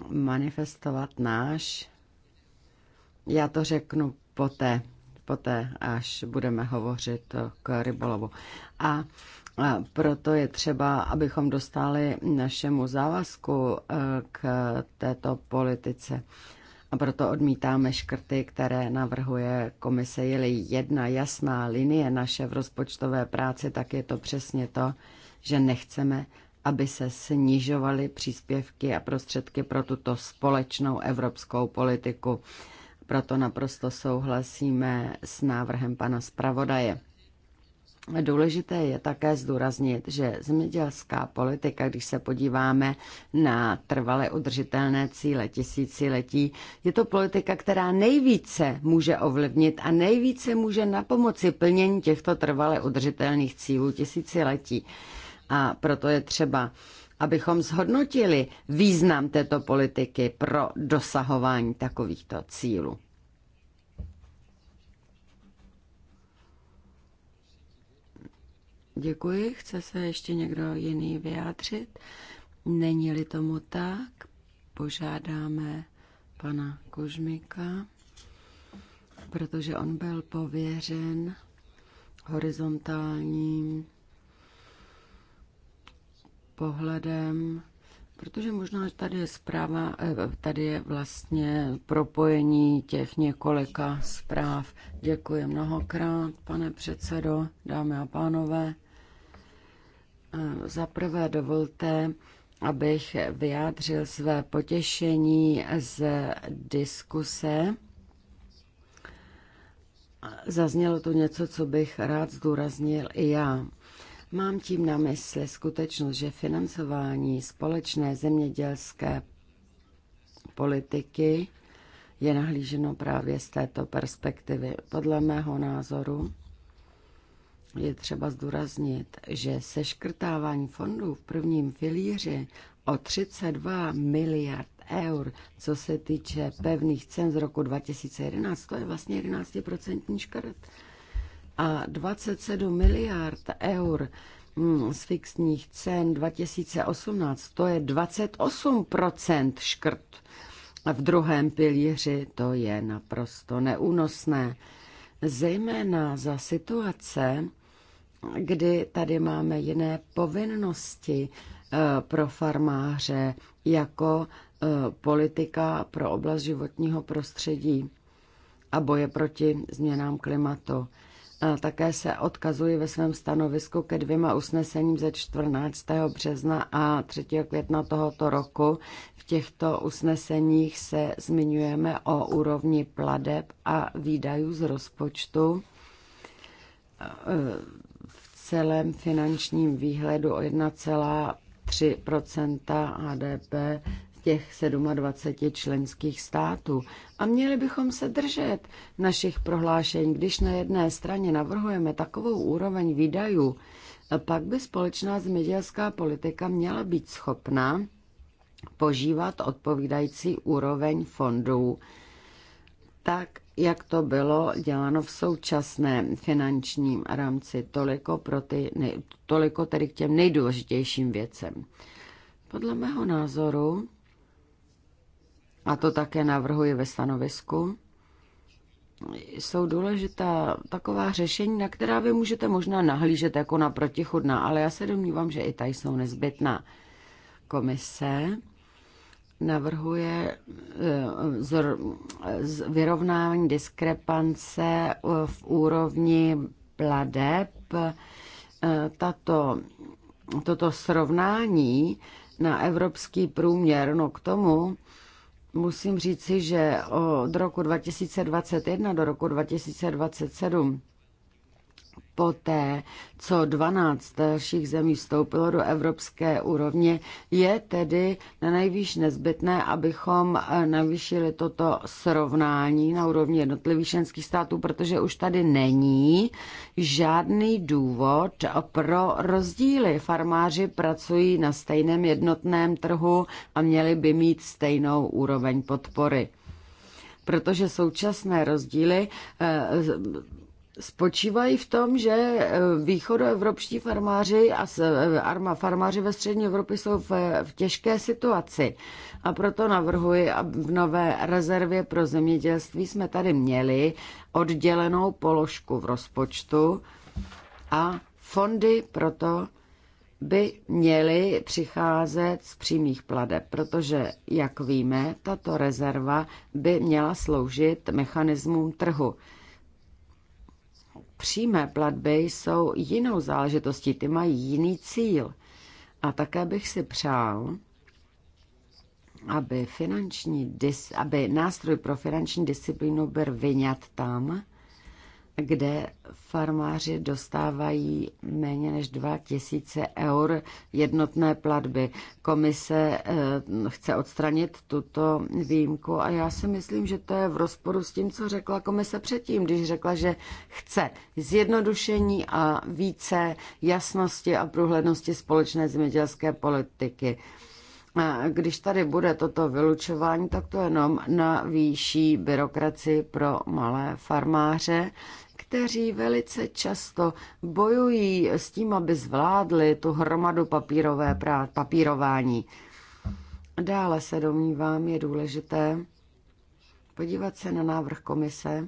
manifestovat náš, já to řeknu poté, poté, až budeme hovořit k rybolovu. A proto je třeba, abychom dostali našemu závazku e, k této politice. A proto odmítáme škrty, které navrhuje komise. je jedna jasná linie naše v rozpočtové práci, tak je to přesně to, že nechceme, aby se snižovaly příspěvky a prostředky pro tuto společnou evropskou politiku. Proto naprosto souhlasíme s návrhem pana zpravodaje. Důležité je také zdůraznit, že zemědělská politika, když se podíváme na trvale udržitelné cíle tisíciletí, je to politika, která nejvíce může ovlivnit a nejvíce může na pomoci plnění těchto trvale udržitelných cílů tisíciletí. A proto je třeba abychom zhodnotili význam této politiky pro dosahování takovýchto cílů. Děkuji. Chce se ještě někdo jiný vyjádřit? Není-li tomu tak, požádáme pana Kužmika, protože on byl pověřen horizontálním pohledem, protože možná tady je zpráva, eh, tady je vlastně propojení těch několika zpráv. Děkuji mnohokrát, pane předsedo, dámy a pánové. Eh, za prvé dovolte, abych vyjádřil své potěšení z diskuse. Zaznělo tu něco, co bych rád zdůraznil i já. Mám tím na mysli skutečnost, že financování společné zemědělské politiky je nahlíženo právě z této perspektivy. Podle mého názoru je třeba zdůraznit, že seškrtávání fondů v prvním filíři o 32 miliard eur, co se týče pevných cen z roku 2011, to je vlastně 11% škrt a 27 miliard eur hm, z fixních cen 2018, to je 28% škrt. A v druhém pilíři to je naprosto neúnosné. Zejména za situace, kdy tady máme jiné povinnosti eh, pro farmáře jako eh, politika pro oblast životního prostředí a boje proti změnám klimatu. Také se odkazuji ve svém stanovisku ke dvěma usnesením ze 14. března a 3. května tohoto roku. V těchto usneseních se zmiňujeme o úrovni pladeb a výdajů z rozpočtu e, v celém finančním výhledu o 1,3 HDP těch 27 členských států. A měli bychom se držet našich prohlášení, když na jedné straně navrhujeme takovou úroveň výdajů, pak by společná zemědělská politika měla být schopna požívat odpovídající úroveň fondů, tak jak to bylo děláno v současném finančním rámci, toliko, pro ty, toliko tedy k těm nejdůležitějším věcem. Podle mého názoru a to také navrhuji ve stanovisku, jsou důležitá taková řešení, na která vy můžete možná nahlížet jako na protichudná, ale já se domnívám, že i tady jsou nezbytná. Komise navrhuje eh, vyrovnávání diskrepance eh, v úrovni pladeb. Eh, tato, toto srovnání na evropský průměr, no k tomu musím říci, že od roku 2021 do roku 2027 poté, co 12 dalších zemí vstoupilo do evropské úrovně, je tedy na nejvýš nezbytné, abychom eh, navýšili toto srovnání na úrovni jednotlivých členských států, protože už tady není žádný důvod pro rozdíly. Farmáři pracují na stejném jednotném trhu a měli by mít stejnou úroveň podpory protože současné rozdíly eh, spočívají v tom, že eh, východoevropští farmáři a eh, arma farmáři ve střední Evropě jsou v, v těžké situaci. A proto navrhuji, aby v nové rezervě pro zemědělství jsme tady měli oddělenou položku v rozpočtu a fondy proto by měly přicházet z přímých pladeb, protože, jak víme, tato rezerva by měla sloužit mechanismům trhu Přímé platby jsou jinou záležitostí, ty mají jiný cíl. A také bych si přál, aby, finanční dis, aby nástroj pro finanční disciplínu byl vyňat tam, kde farmáři dostávají méně než 2000 eur jednotné platby. Komise eh, chce odstranit tuto výjimku a já si myslím, že to je v rozporu s tím, co řekla komise předtím, když řekla, že chce zjednodušení a více jasnosti a průhlednosti společné zemědělské politiky. A když tady bude toto vylučování, tak to jenom výšší byrokraci pro malé farmáře kteří velice často bojují s tím, aby zvládli tu hromadu papírové prát, papírování. Dále se domnívám, je důležité podívat se na návrh komise,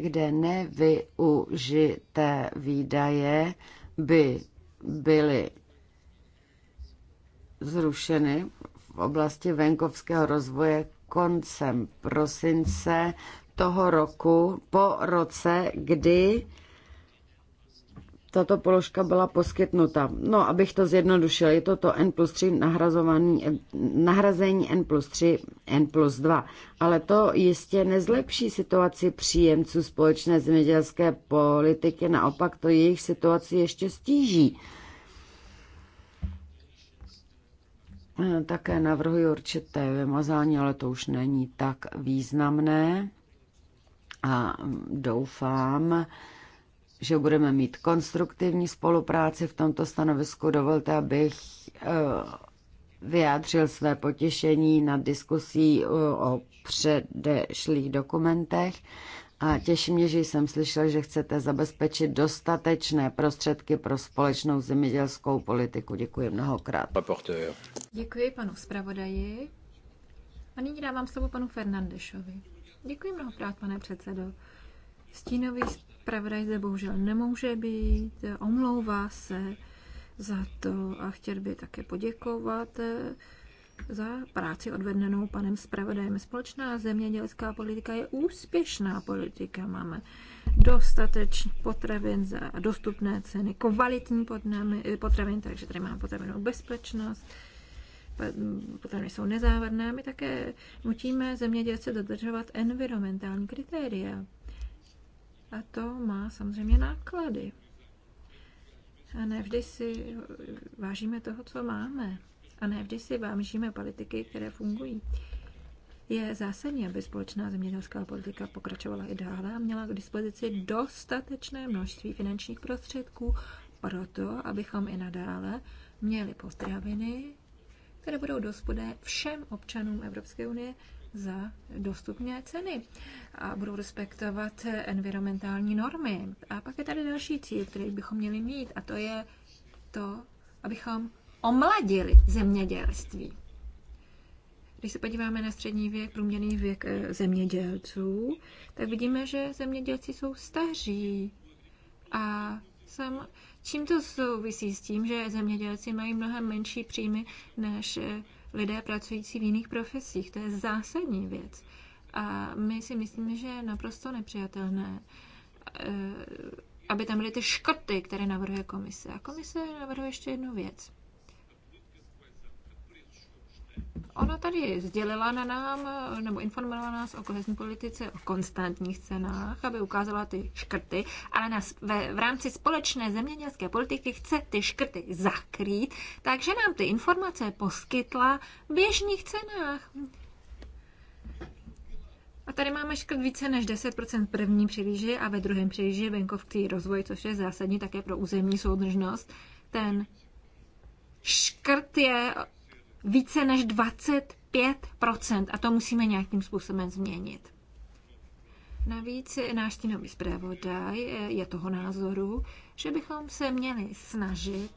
kde nevyužité výdaje by byly zrušeny v oblasti venkovského rozvoje koncem prosince toho roku po roce, kdy tato položka byla poskytnuta. No, abych to zjednodušil, je to to N plus 3 nahrazování, nahrazení N plus 3, N plus 2. Ale to jistě nezlepší situaci příjemců společné zemědělské politiky, naopak to jejich situaci ještě stíží. Také navrhuji určité vymazání, ale to už není tak významné a doufám, že budeme mít konstruktivní spolupráci v tomto stanovisku. Dovolte, abych eh, vyjádřil své potěšení nad diskusí eh, o předešlých dokumentech a těší mě, že jsem slyšel, že chcete zabezpečit dostatečné prostředky pro společnou zemědělskou politiku. Děkuji mnohokrát. Děkuji panu zpravodaji. A nyní dávám slovo panu Fernandešovi. Děkuji mnohokrát, pane předsedo. Stínový zpravodaj zde bohužel nemůže být, omlouvá se za to a chtěl by také poděkovat eh, za práci odvedenou panem zpravodajem. Společná zemědělská politika je úspěšná politika. Máme dostatečný potravin za dostupné ceny, kvalitní potravin, takže tady máme potravinovou bezpečnost, potraviny jsou nezávadné, my také nutíme zemědělce dodržovat environmentální kritéria. A to má samozřejmě náklady. A nevždy si vážíme toho, co máme. A nevždy si vážíme politiky, které fungují. Je zásadní, aby společná zemědělská politika pokračovala i dále a měla k dispozici dostatečné množství finančních prostředků proto, abychom i nadále měli potraviny, které budou dostupné všem občanům Evropské unie za dostupné ceny a budou respektovat environmentální normy. A pak je tady další cíl, který bychom měli mít, a to je to, abychom omladili zemědělství. Když se podíváme na střední věk, průměrný věk eh, zemědělců, tak vidíme, že zemědělci jsou staří a sam, Čím to souvisí s tím, že zemědělci mají mnohem menší příjmy než eh, lidé pracující v jiných profesích? To je zásadní věc. A my si myslíme, že je naprosto nepřijatelné, eh, aby tam byly ty škrty, které navrhuje komise. A komise navrhuje ještě jednu věc. Ona tady sdělila na nám, nebo informovala nás o kohezní politice, o konstantních cenách, aby ukázala ty škrty, ale na, ve, v rámci společné zemědělské politiky chce ty škrty zakrýt, takže nám ty informace poskytla v běžných cenách. A tady máme škrt více než 10% v první přilíži a ve druhém přilíži venkovský rozvoj, což je zásadní také pro územní soudržnost. Ten škrt je více než 25%. A to musíme nějakým způsobem změnit. Navíc náš stínový zprávodaj eh, je toho názoru, že bychom se měli snažit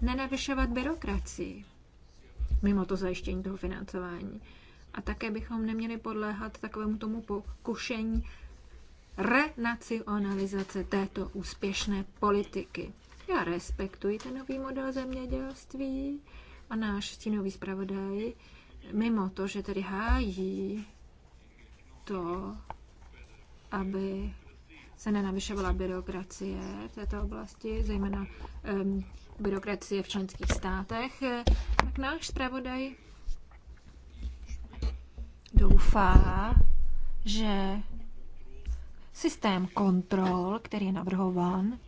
nenavyšovat byrokracii mimo to zajištění toho financování. A také bychom neměli podléhat takovému tomu pokušení renacionalizace této úspěšné politiky. Já respektuji ten nový model zemědělství a náš stínový zpravodaj, mimo to, že tedy hájí to, aby se nenavyšovala byrokracie v této oblasti, zejména um, byrokracie v členských státech, tak náš zpravodaj doufá, že systém kontrol, který je navrhován,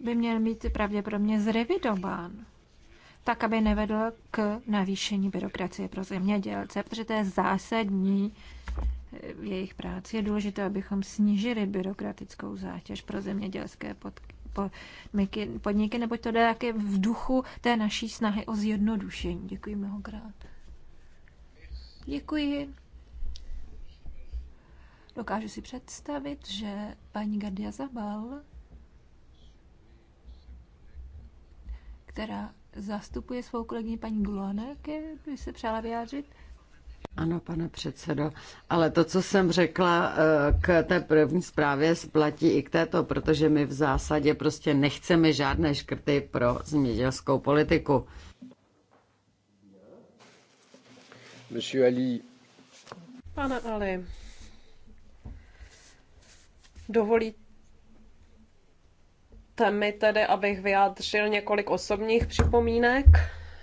by měl mít pravděpodobně zrevidován, tak aby nevedl k navýšení byrokracie pro zemědělce, protože to je zásadní v eh, jejich práci. Je důležité, abychom snížili byrokratickou zátěž pro zemědělské podniky, podniky neboť to jde také v duchu té naší snahy o zjednodušení. Děkuji mnohokrát. Děkuji. Dokážu si představit, že paní Gardia Zabal která zastupuje svou kolegyni paní Glone, by se přála vyjádřit. Ano, pane předsedo, ale to, co jsem řekla eh, k té první zprávě, splatí i k této, protože my v zásadě prostě nechceme žádné škrty pro zemědělskou politiku. Monsieur Ali. Pane Ali, dovolíte? Dovolte mi tedy, abych vyjádřil několik osobních připomínek.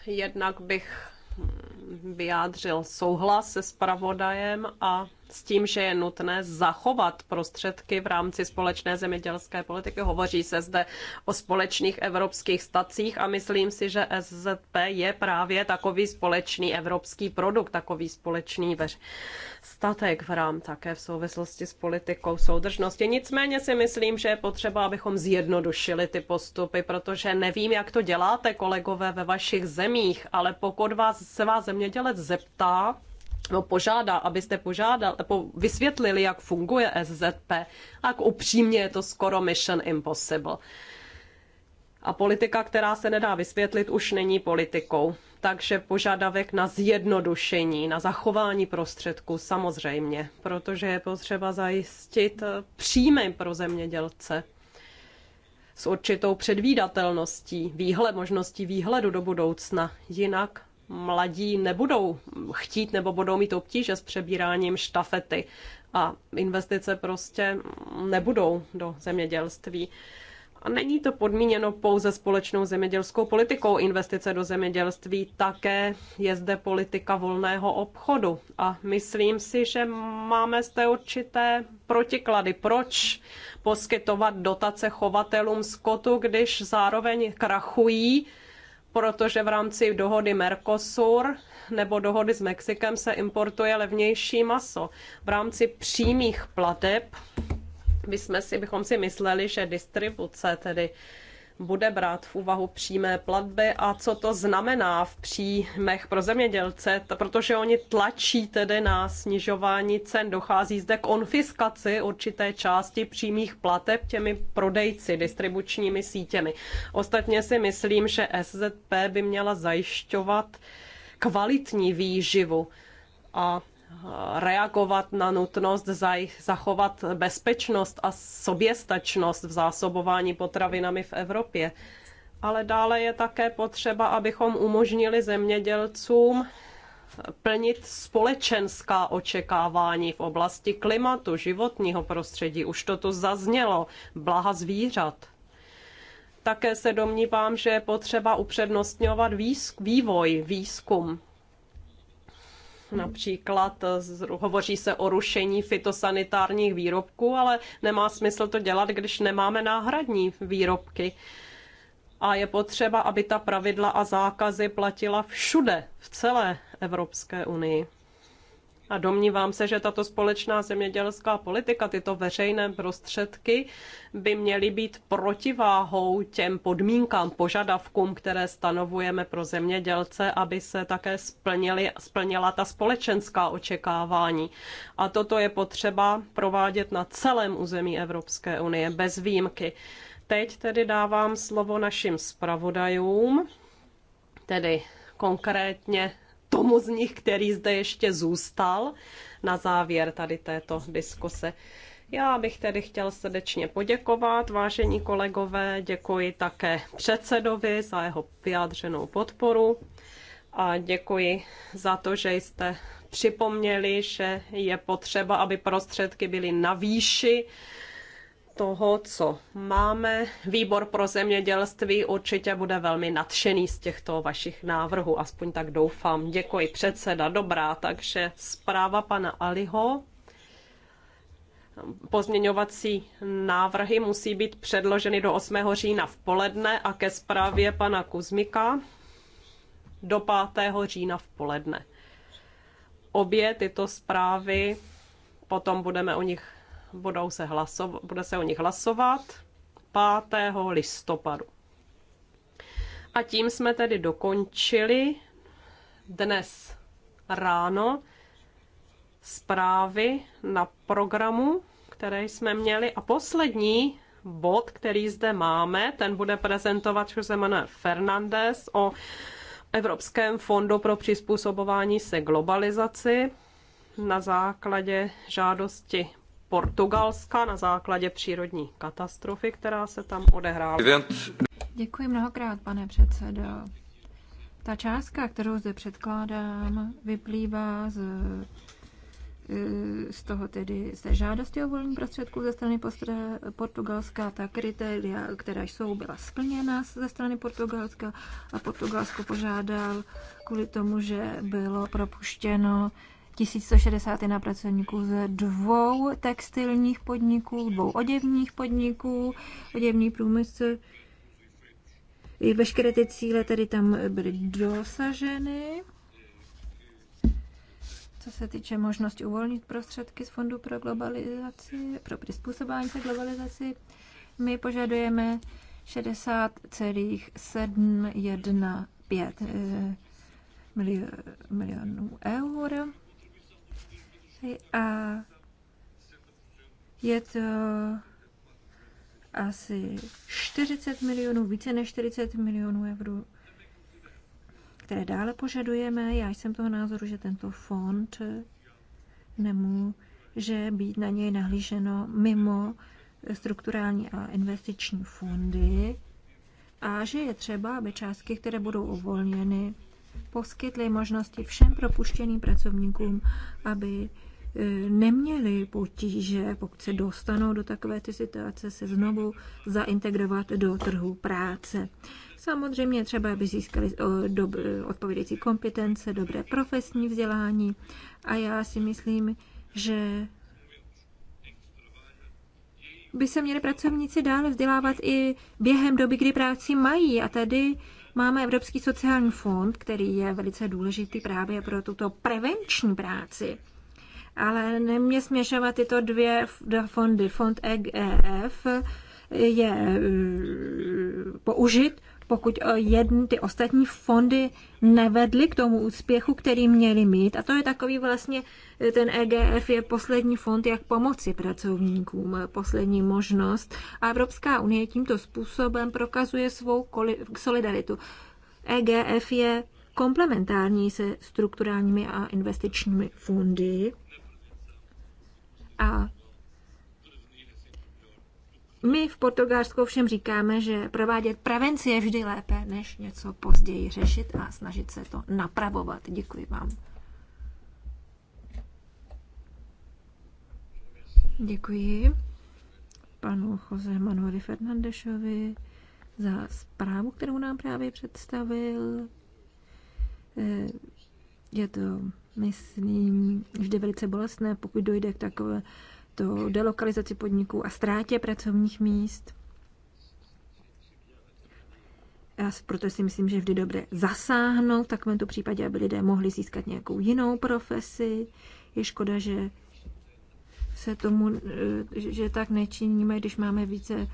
Jednak bych vyjádřil souhlas se spravodajem a s tím, že je nutné zachovat prostředky v rámci společné zemědělské politiky. Hovoří se zde o společných evropských stacích a myslím si, že SZP je právě takový společný evropský produkt, takový společný veř statek v rám také v souvislosti s politikou soudržnosti. Nicméně si myslím, že je potřeba, abychom zjednodušili ty postupy, protože nevím, jak to děláte, kolegové, ve vašich zemích, ale pokud vás, se vás zemědělec zeptá, no, požádá, abyste požádal, po, vysvětlili, jak funguje SZP. tak upřímně je to skoro mission impossible. A politika, která se nedá vysvětlit, už není politikou. Takže požadavek na zjednodušení, na zachování prostředků samozřejmě, protože je potřeba zajistit eh, příjmy pro zemědělce s určitou předvídatelností, výhled, možností výhledu do budoucna. Jinak mladí nebudou chtít nebo budou mít obtíže s přebíráním štafety a investice prostě nebudou do zemědělství. A není to podmíněno pouze společnou zemědělskou politikou investice do zemědělství, také je zde politika volného obchodu. A myslím si, že máme zde určité protiklady. Proč poskytovat dotace chovatelům skotu, když zároveň krachují protože v rámci dohody Mercosur nebo dohody s Mexikem se importuje levnější maso. V rámci přímých plateb bychom si, bychom si mysleli, že distribuce, tedy bude brát v úvahu přímé platby a co to znamená v příjmech pro zemědělce, protože oni tlačí tedy na snižování cen. Dochází zde k konfiskaci určité části přímých plateb těmi prodejci, distribučními sítěmi. Ostatně si myslím, že SZP by měla zajišťovat kvalitní výživu a reagovat na nutnost zachovat bezpečnost a soběstačnost v zásobování potravinami v Evropě. Ale dále je také potřeba, abychom umožnili zemědělcům plnit společenská očekávání v oblasti klimatu, životního prostředí. Už to tu zaznělo. Blaha zvířat. Také se domnívám, že je potřeba upřednostňovat výzk, vývoj, výzkum Například eh, hovoří se o rušení fitosanitárních výrobků, ale nemá smysl to dělat, když nemáme náhradní výrobky. A je potřeba, aby ta pravidla a zákazy platila všude, v celé Evropské unii. A domnívám se, že tato společná zemědělská politika, tyto veřejné prostředky by měly být protiváhou těm podmínkám, požadavkům, které stanovujeme pro zemědělce, aby se také splnili, splnila ta společenská očekávání. A toto je potřeba provádět na celém území Evropské unie, bez výjimky. Teď tedy dávám slovo našim zpravodajům, tedy konkrétně tomu z nich, který zde ještě zůstal na závěr tady této diskuse. Já bych tedy chtěl srdečně poděkovat, vážení kolegové, děkuji také předsedovi za jeho vyjádřenou podporu a děkuji za to, že jste připomněli, že je potřeba, aby prostředky byly na výši toho, co máme. Výbor pro zemědělství určitě bude velmi nadšený z těchto vašich návrhů, aspoň tak doufám. Děkuji předseda, dobrá, takže zpráva pana Aliho. Pozměňovací návrhy musí být předloženy do 8. října v poledne a ke zprávě pana Kuzmika do 5. října v poledne. Obě tyto zprávy, potom budeme o nich budou se hlasovat, bude se o nich hlasovat 5. listopadu. A tím jsme tedy dokončili dnes ráno zprávy na programu, které jsme měli. A poslední bod, který zde máme, ten bude prezentovat Jose Manuel Fernandez o Evropském fondu pro přizpůsobování se globalizaci na základě žádosti Portugalska na základě přírodní katastrofy, která se tam odehrála. Děkuji mnohokrát, pane předsedo. Ta částka, kterou zde předkládám, vyplývá z, eh, z toho tedy z té žádosti o volní prostředků ze strany Portugalska. Ta kritéria, která jsou, byla splněna ze strany Portugalska a Portugalsko požádal kvůli tomu, že bylo propuštěno 1161 pracovníků z dvou textilních podniků, dvou oděvních podniků, oděvní průmysl. I veškeré ty cíle tady tam byly dosaženy. Co se týče možnosti uvolnit prostředky z Fondu pro globalizaci, pro přizpůsobování se globalizaci, my požadujeme 60,715 eh, milionů eur. A je to asi 40 milionů, více než 40 milionů eur, které dále požadujeme. Já jsem toho názoru, že tento fond nemůže být na něj nahlíženo mimo strukturální a investiční fondy a že je třeba, aby částky, které budou uvolněny, poskytly možnosti všem propuštěným pracovníkům, aby neměli potíže, pokud se dostanou do takové ty situace, se znovu zaintegrovat do trhu práce. Samozřejmě třeba, aby získali odpovědějící kompetence, dobré profesní vzdělání a já si myslím, že by se měli pracovníci dále vzdělávat i během doby, kdy práci mají. A tady máme Evropský sociální fond, který je velice důležitý právě pro tuto prevenční práci ale nemě směšovat tyto dvě fondy. Fond EGF e je e, použit, pokud e, jedn, ty ostatní fondy nevedly k tomu úspěchu, který měly mít. A to je takový vlastně, ten EGF je poslední fond, jak pomoci pracovníkům, poslední možnost. A Evropská unie tímto způsobem prokazuje svou solidaritu. EGF je komplementární se strukturálními a investičními fondy a my v Portugalsku všem říkáme, že provádět prevenci je vždy lépe, než něco později řešit a snažit se to napravovat. Děkuji vám. Děkuji panu Jose Manueli Fernandešovi za zprávu, kterou nám právě představil. Eh, je to myslím, vždy velice bolestné, pokud dojde k takové to delokalizaci podniků a ztrátě pracovních míst. Já proto si myslím, že je vždy dobré zasáhnout v takovémto případě, aby lidé mohli získat nějakou jinou profesi. Je škoda, že se tomu, e, že tak nečiníme, když máme více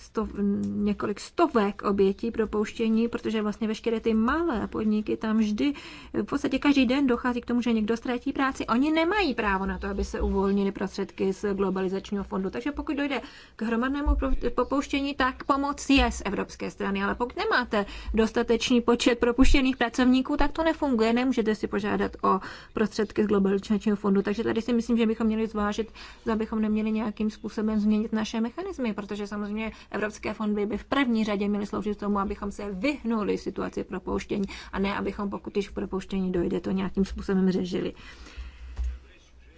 sto, několik stovek obětí propouštění, protože vlastně veškeré ty malé podniky tam vždy, v podstatě každý den dochází k tomu, že někdo ztratí práci. Oni nemají právo na to, aby se uvolnili prostředky z globalizačního fondu. Takže pokud dojde k hromadnému popouštění, tak pomoc je z evropské strany. Ale pokud nemáte dostatečný počet propuštěných pracovníků, tak to nefunguje. Nemůžete si požádat o prostředky z globalizačního fondu. Takže tady si myslím, že bychom měli zvážit, abychom neměli nějakým způsobem změnit naše mechanizmy, protože samozřejmě Evropské fondy by v první řadě měly sloužit tomu, abychom se vyhnuli situaci propouštění a ne abychom, pokud již k propouštění dojde, to nějakým způsobem řežili.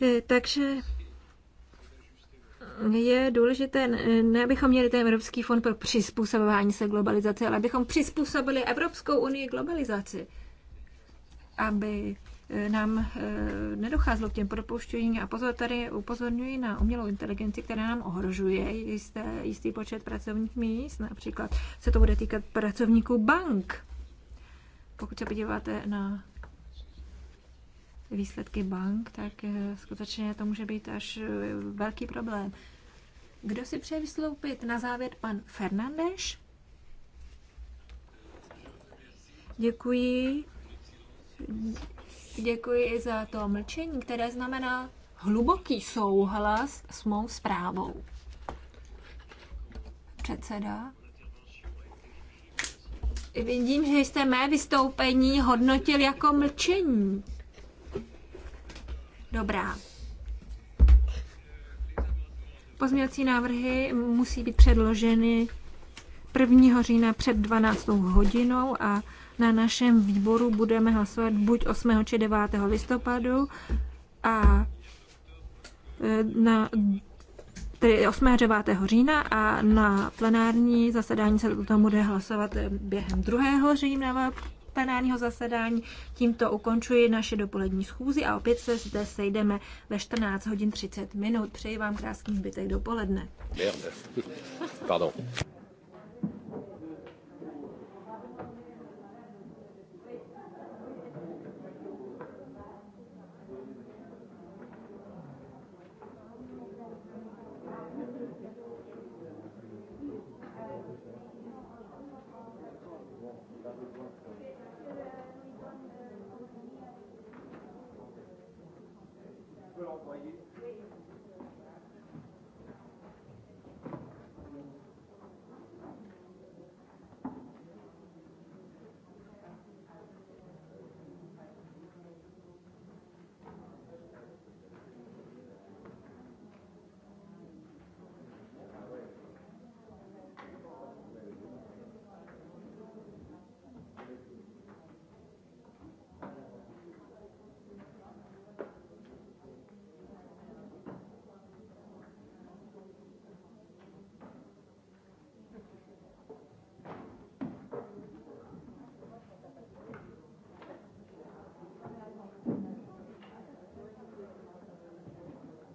E, takže je důležité, ne abychom měli ten Evropský fond pro přizpůsobování se globalizaci, ale abychom přizpůsobili Evropskou unii globalizaci. Aby nám e, nedocházelo k těm propouštění. A pozor, tady upozorňuji na umělou inteligenci, která nám ohrožuje jisté, jistý počet pracovních míst. Například se to bude týkat pracovníků bank. Pokud se podíváte na výsledky bank, tak e, skutečně to může být až e, velký problém. Kdo si přeje vysloupit? Na závěr pan Fernandeš. Děkuji. Děkuji i za to mlčení, které znamená hluboký souhlas s mou zprávou. Předseda. Vidím, že jste mé vystoupení hodnotil jako mlčení. Dobrá. Pozměňovací návrhy musí být předloženy 1. října před 12. hodinou a na našem výboru budeme hlasovat buď 8. či 9. listopadu a e, na tedy 8. a 9. října a na plenární zasedání se o tom bude hlasovat e, během 2. října plenárního zasedání. Tímto ukončuji naše dopolední schůzi a opět se zde sejdeme ve 14 hodin 30 minut. Přeji vám krásný zbytek dopoledne. Merde. Pardon.